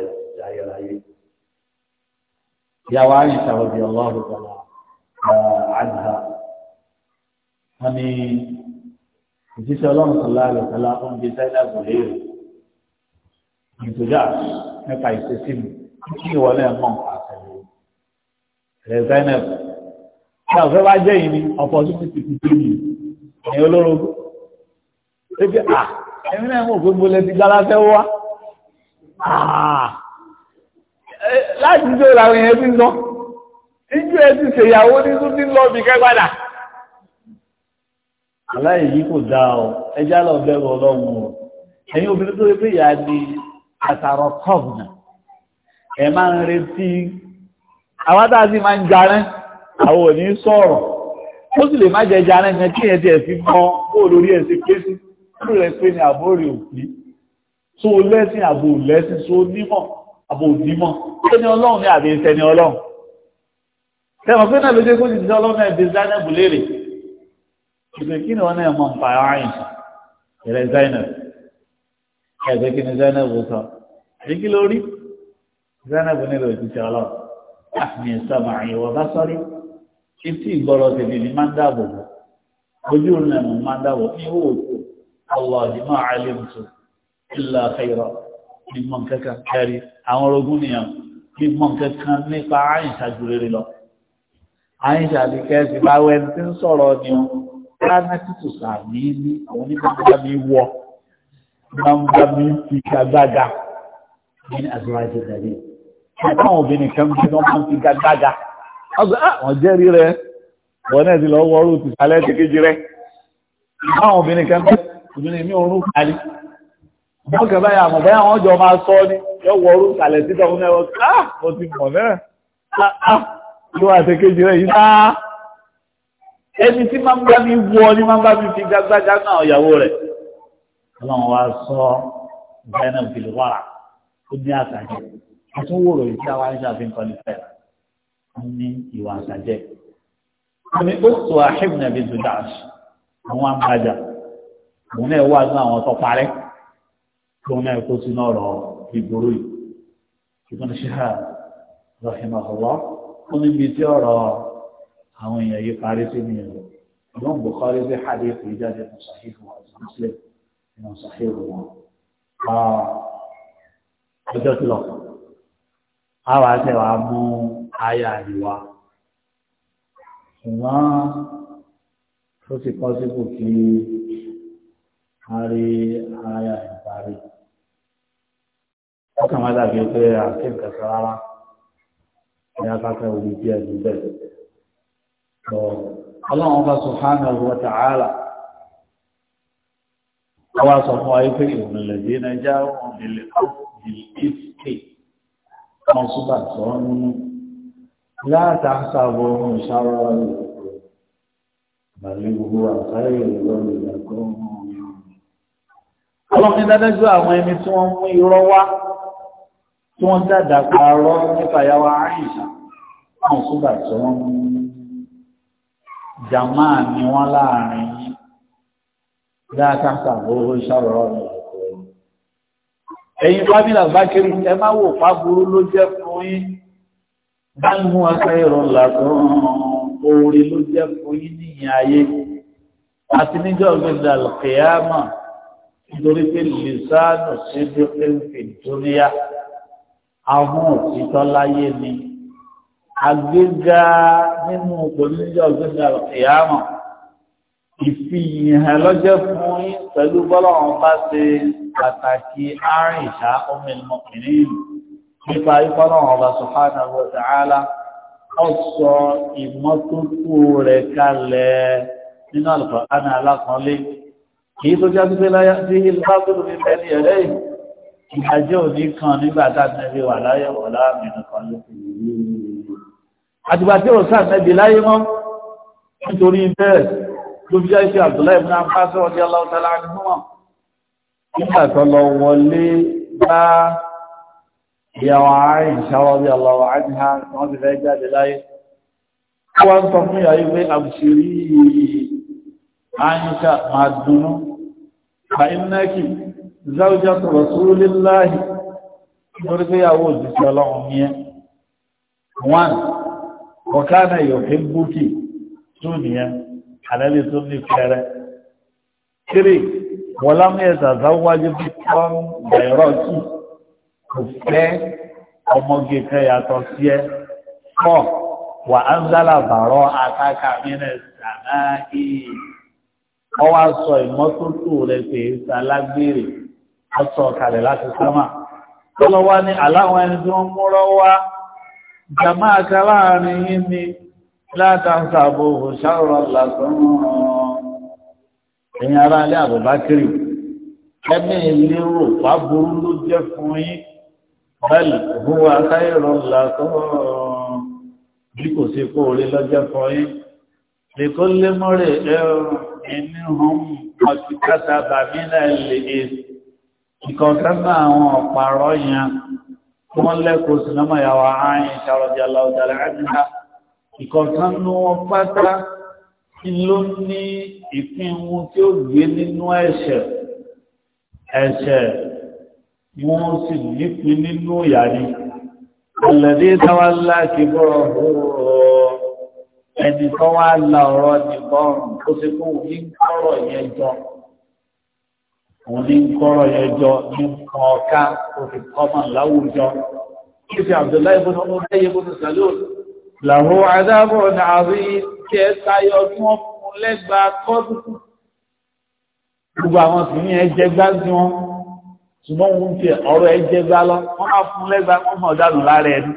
sí ìyàwó àyíṣà ọ̀dì ọlọ́run gbọ́dọ̀ àdìhà wọn ni òjíṣẹ́ ọlọ́run sọlá rẹ̀ sọlá ó ń gbé sáyẹ́dà gbòòrè rẹ̀ ìtòjá nípa ìṣesí mi kí ìwọlé ẹ̀ mọ̀ nǹkan àtẹ̀lé rẹ̀ zainab ṣé àfẹ́ bá jẹ́ yìí ni opportunity ti tó yìí ẹ̀yin olórogún ó fi ẹ̀mí náà mọ̀ pé mo lè ti gbára fẹ́ wá láti jọ làwọn èèyàn ti ń lọ ijú ẹ ti ṣèyàwó ní tún ti ń lọ bí kẹ́gbàdà. aláìyí kò dáa ọ ẹjá lọ bẹ̀rù ọlọ́run o ẹ̀yin obìnrin tó rí pé ìyá ni àtàrọ kọ́ọ̀nà ẹ máa ń retí àwọn tá a sì máa ń jarẹ́ àwọn ò ní sọ̀rọ̀ ó sì lè má jẹ jarẹ́ gan kí ẹ̀jẹ̀ fi mọ bó lórí ẹ̀ sí pé sí kúrò rẹ̀ pé ni àbórè òpin tó lẹ́sìn àbò lẹ́sìn tó nímọ̀ àbò òdìmọ̀ ẹni ọlọ́run ní àbí ìsẹni ọlọ́run tẹ́wọ̀n pé náà ló dé kó ti di ọlọ́run náà bí zainab léèrè ìgbẹ́ kí ni wọ́n náà mọ̀ nípa àárín ìrẹ́ zainab ẹgbẹ́ kí ni zainab sọ àbí kí ló rí zainab nílò òtítọ́ ọlọ́run láti ní sọmọ àyẹ̀wò bá sọ́rí kí tí ìgbọ́rọ̀ tèmi ní máa ojú ìrìnà máa ní owó òkú mímọ̀ kẹ́kẹ́ kẹ́rí àwọn orogún nìyàn mímọ̀ kẹ́kẹ́ nípa àyíṣà jù rere lọ àyíṣà ní kẹ́sì bá wẹ́n tí ń sọ̀rọ̀ ni ó kánátìtù sàmì ní àwọn onígbàgbà mi wọ gbàgbà mi fi gbàgbàgà ní àdúrájì tẹ̀lé àwọn obìnrin kan bí wọ́n máa ń fi gbàgbàgà ọgbà àwọn ah, jẹ́rí rẹ wọ́n náà ti lọ wọ́ọ́rù tìsálẹ̀ ti kéjì rẹ àwọn obìnrin kan bí obìnrin mi ò rún kálí wọ́n kẹ báyà mọ̀ báyà wọ́n jọ máa sọ ní yọ́wọ́ orú ìsàlẹ̀ títọ̀ fún ẹwọ́ káà ah, ti mọ̀ náà ah, ah, ló wà tẹ kéjì rẹ̀ yìí náà ẹni tí máa ń bá mi wọ ni máa ń bá mi fi gbágbága náà ìyàwó rẹ̀ ọlọ́run wa sọ zainab bilwara ó ní àtàjẹ àtúnwòrò yìí tí a wá ń ṣàfihàn kan ní fẹ́ ó ní ìwà àtàjẹ àmì ó sọ àṣìbìnà bíi dùdà àwọn àmàjà òun náà wà ní àwọn tó parẹ́. كون يقول سنارا في بروي ابن شهاب رحمه الله كون بيتيارا àwọn èèyàn yìí parí sí ní ẹ̀rọ ìmọ̀ Bukhari sí hadith ìjáde fún sahihu àti Muslim ìmọ̀ sahihu wọn ọjọ́ tí lọ a wà tẹ́ wà mú àyà ìwà ṣùgbọ́n ó ti kọ́ sípò kí a rí àyà ìparí ọkàn máa dàbí pé àti nǹkan kan rárá ní afẹ́fẹ́ omi díẹ̀ níbẹ̀. ọlọ́run bá subhanahu wa ta'ala wọ́n wá sọ fún wa pé ìròyìn lẹ́dí nàìjíríà wọn nílẹ̀ ìfẹ́ wọn súbà sọ ọ́ nínú láta sábọ̀ ohun ìṣàrọ̀ rẹ̀ bàlẹ́ gbogbo àṣàyè ìrọ̀lẹ́ ìdàgbọ́n ọlọ́run dáadáa ju àwọn ẹni tí wọ́n mú irọ́ wá tí wọ́n dáadáa pààrọ̀ nípa ìyàwó àìṣà àwọn ṣúgbà tí wọ́n jàmá ni wọ́n láàrin dáadáa owó ìṣàrọ̀rọ̀ mi ẹ̀yin fámílà bákẹ́rì ẹ má wò fáburú ló jẹ́ fún yín bá ń mú ọkọ̀ ìrọ̀lá kan oore ló jẹ́ fún yín níyìn ayé àti níjọ́ gbẹ̀dà lọ́kẹ́yàmà nítorí pé lè sáàdù síbi ẹ̀ǹfẹ̀ dúníyà ahọ́n òtítọ́ láyé ni àgbéga nínú pòlíjọ́ gbéga ìyáàmọ̀ ìfihàn lọ́jọ́ fún yín pẹ̀lú bọ́lọ́run bá ṣe pàtàkì àárín ìṣá omi ìmọ̀kìnrin nípa ìfọ́lọ́run ọba subhanahu wa ta'ala ọ̀sọ̀ ìmọ́tótó rẹ̀ kalẹ̀ nínú àlùfáà ní alákọ̀ọ́lé kìí tó jáde pé láyé sí ìlú bá tó lómi bẹ́ẹ̀ ẹ̀rẹ́ yìí ìdájọ́ òní kan nígbà tánẹ́bí wà láyé wọ̀lá mìíràn kan ló fi àtìgbà tí ó sàtẹ́bí láyé mọ́ nítorí bẹ́ẹ̀ ló fi jẹ́ iṣẹ́ Abdullahi ibn Abbas radiyallahu ta'ala anhuma nígbà tó lọ wọlé bá ìyàwó Aisha radiyallahu anha wọ́n ti fẹ́ jáde láyé wọ́n sọ fún ìyàwó pé àbùsírí Aisha máa dùnnú fa záwùjá tọ̀rọ̀ sóró léláàyè nítorí pé ìyàwó òjíṣẹ́ ọlọ́run ní ẹ́ one ọ̀kánà yọ̀hẹ́ búkì tún nìyẹn àlẹ́lẹ́ tó ní fẹ́rẹ́ three wọlámú ẹ̀sà záwájú bí tọ́n bẹ̀rọ̀kì kò fẹ́ ọmọge kan yàtọ̀ sí ẹ four wà á ń dálà bàárọ̀ àtàkà mìíràn sàmáì ọwọ́ aṣọ ìmọ́tótó rẹ̀ pé sálágbèrè ọsọ ọ̀kalẹ̀ láti sámà lọ́wọ́ ní aláwọn ẹni tí wọ́n múrọ́ wá jàmáà ká láàrin yín ni látàṣàbò òṣàrọ̀ lásán ẹ̀yin ará ilé àbùbákiri ẹni ìlérò fáburú ló jẹ́ fún yín bẹ́ẹ̀ hùwà káyọ̀rọ̀ lásán bí kò sí kó orí lọ́jọ́ fún yín lèkó lé mọ́rẹ̀ ẹ̀rọ ìníhùn ọ̀sìkátà bàmílà ilẹ̀ èsì ìkọ̀ọ̀kan náà àwọn ọ̀pààrọ̀ yẹn tí wọ́n lẹ́kọ̀ọ́ sí lọ́mọ ìyàwó àárín ìṣàròjì aláwọ̀dàlẹ̀ àdìyà ìkọ̀ọ̀kan ní wọn pátá kí ló ní ìpín wọn tí ó gbé nínú ẹ̀ṣẹ̀ ẹ̀ṣẹ̀ wọn sì nípin nínú ìyà ni ọ̀lẹ́dẹ́ táwa ńlá kì bọ́rọ̀ bọ́rọ̀ ẹni tó wá la ọ̀rọ̀ nìbọn tó ti kó wí kọ́rọ̀ yẹn jọ òun ní kọ́rọ̀ yẹn jọ ní ọ̀ọ́ká òfin kọ́mọ̀ láwùjọ kíkì Abdullahi bó lọ́wọ́ lẹ́yìn bó sàlù làwọ adábọ̀ nàárí kẹ tayọ tí wọ́n fún lẹ́gbàá tọ́dù gbogbo àwọn sì ní ẹjẹ gbá sí wọn ṣùgbọ́n òun fi ọ̀rọ̀ ẹjẹ gbá lọ wọ́n á fún lẹ́gbàá wọ́n mọ̀ dànù lára ẹni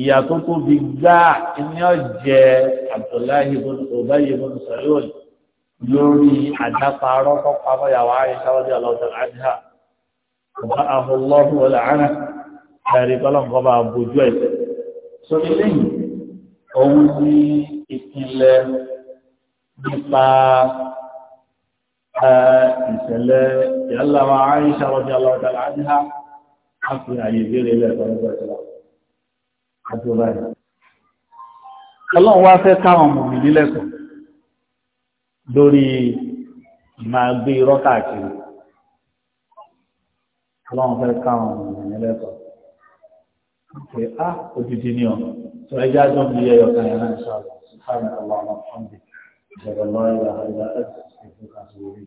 ìyà tó tóbi gbáà ní ọ̀jẹ̀ Abdullahi bó lọ́wọ́ lẹ́yìn bó sàlù lórí àdáparọ́ tó pamọ́ ìyàwó àìṣà ọdí ọlọ́dún àdíhà ọba ahùlọ́hù ọlàánà ẹ̀rí kọ́lọ̀kọ́ bá bójú ẹ̀ so eléyìí òun ní ìpínlẹ̀ nípa ìṣẹ̀lẹ̀ ìyàlọ́wọ́ àìṣà ọdí ọlọ́dún á fi àyè ìbéèrè ilẹ̀ tọ́lọ́gbẹ̀ẹ́ lórí máa gbé irọ́ káàkiri ọlọ́run fẹ́ káwọn ènìyàn lẹ́kọ̀ọ́ pé á odidi ni ọ tó ẹjá tó ń bí ẹyọ kan yẹn náà ṣáà lọ sí fáwọn ọlọ́run ọ̀hún bí ìjọba lọ́yọ̀ àìyá ẹ̀sìn ìfúkàtúwò rí.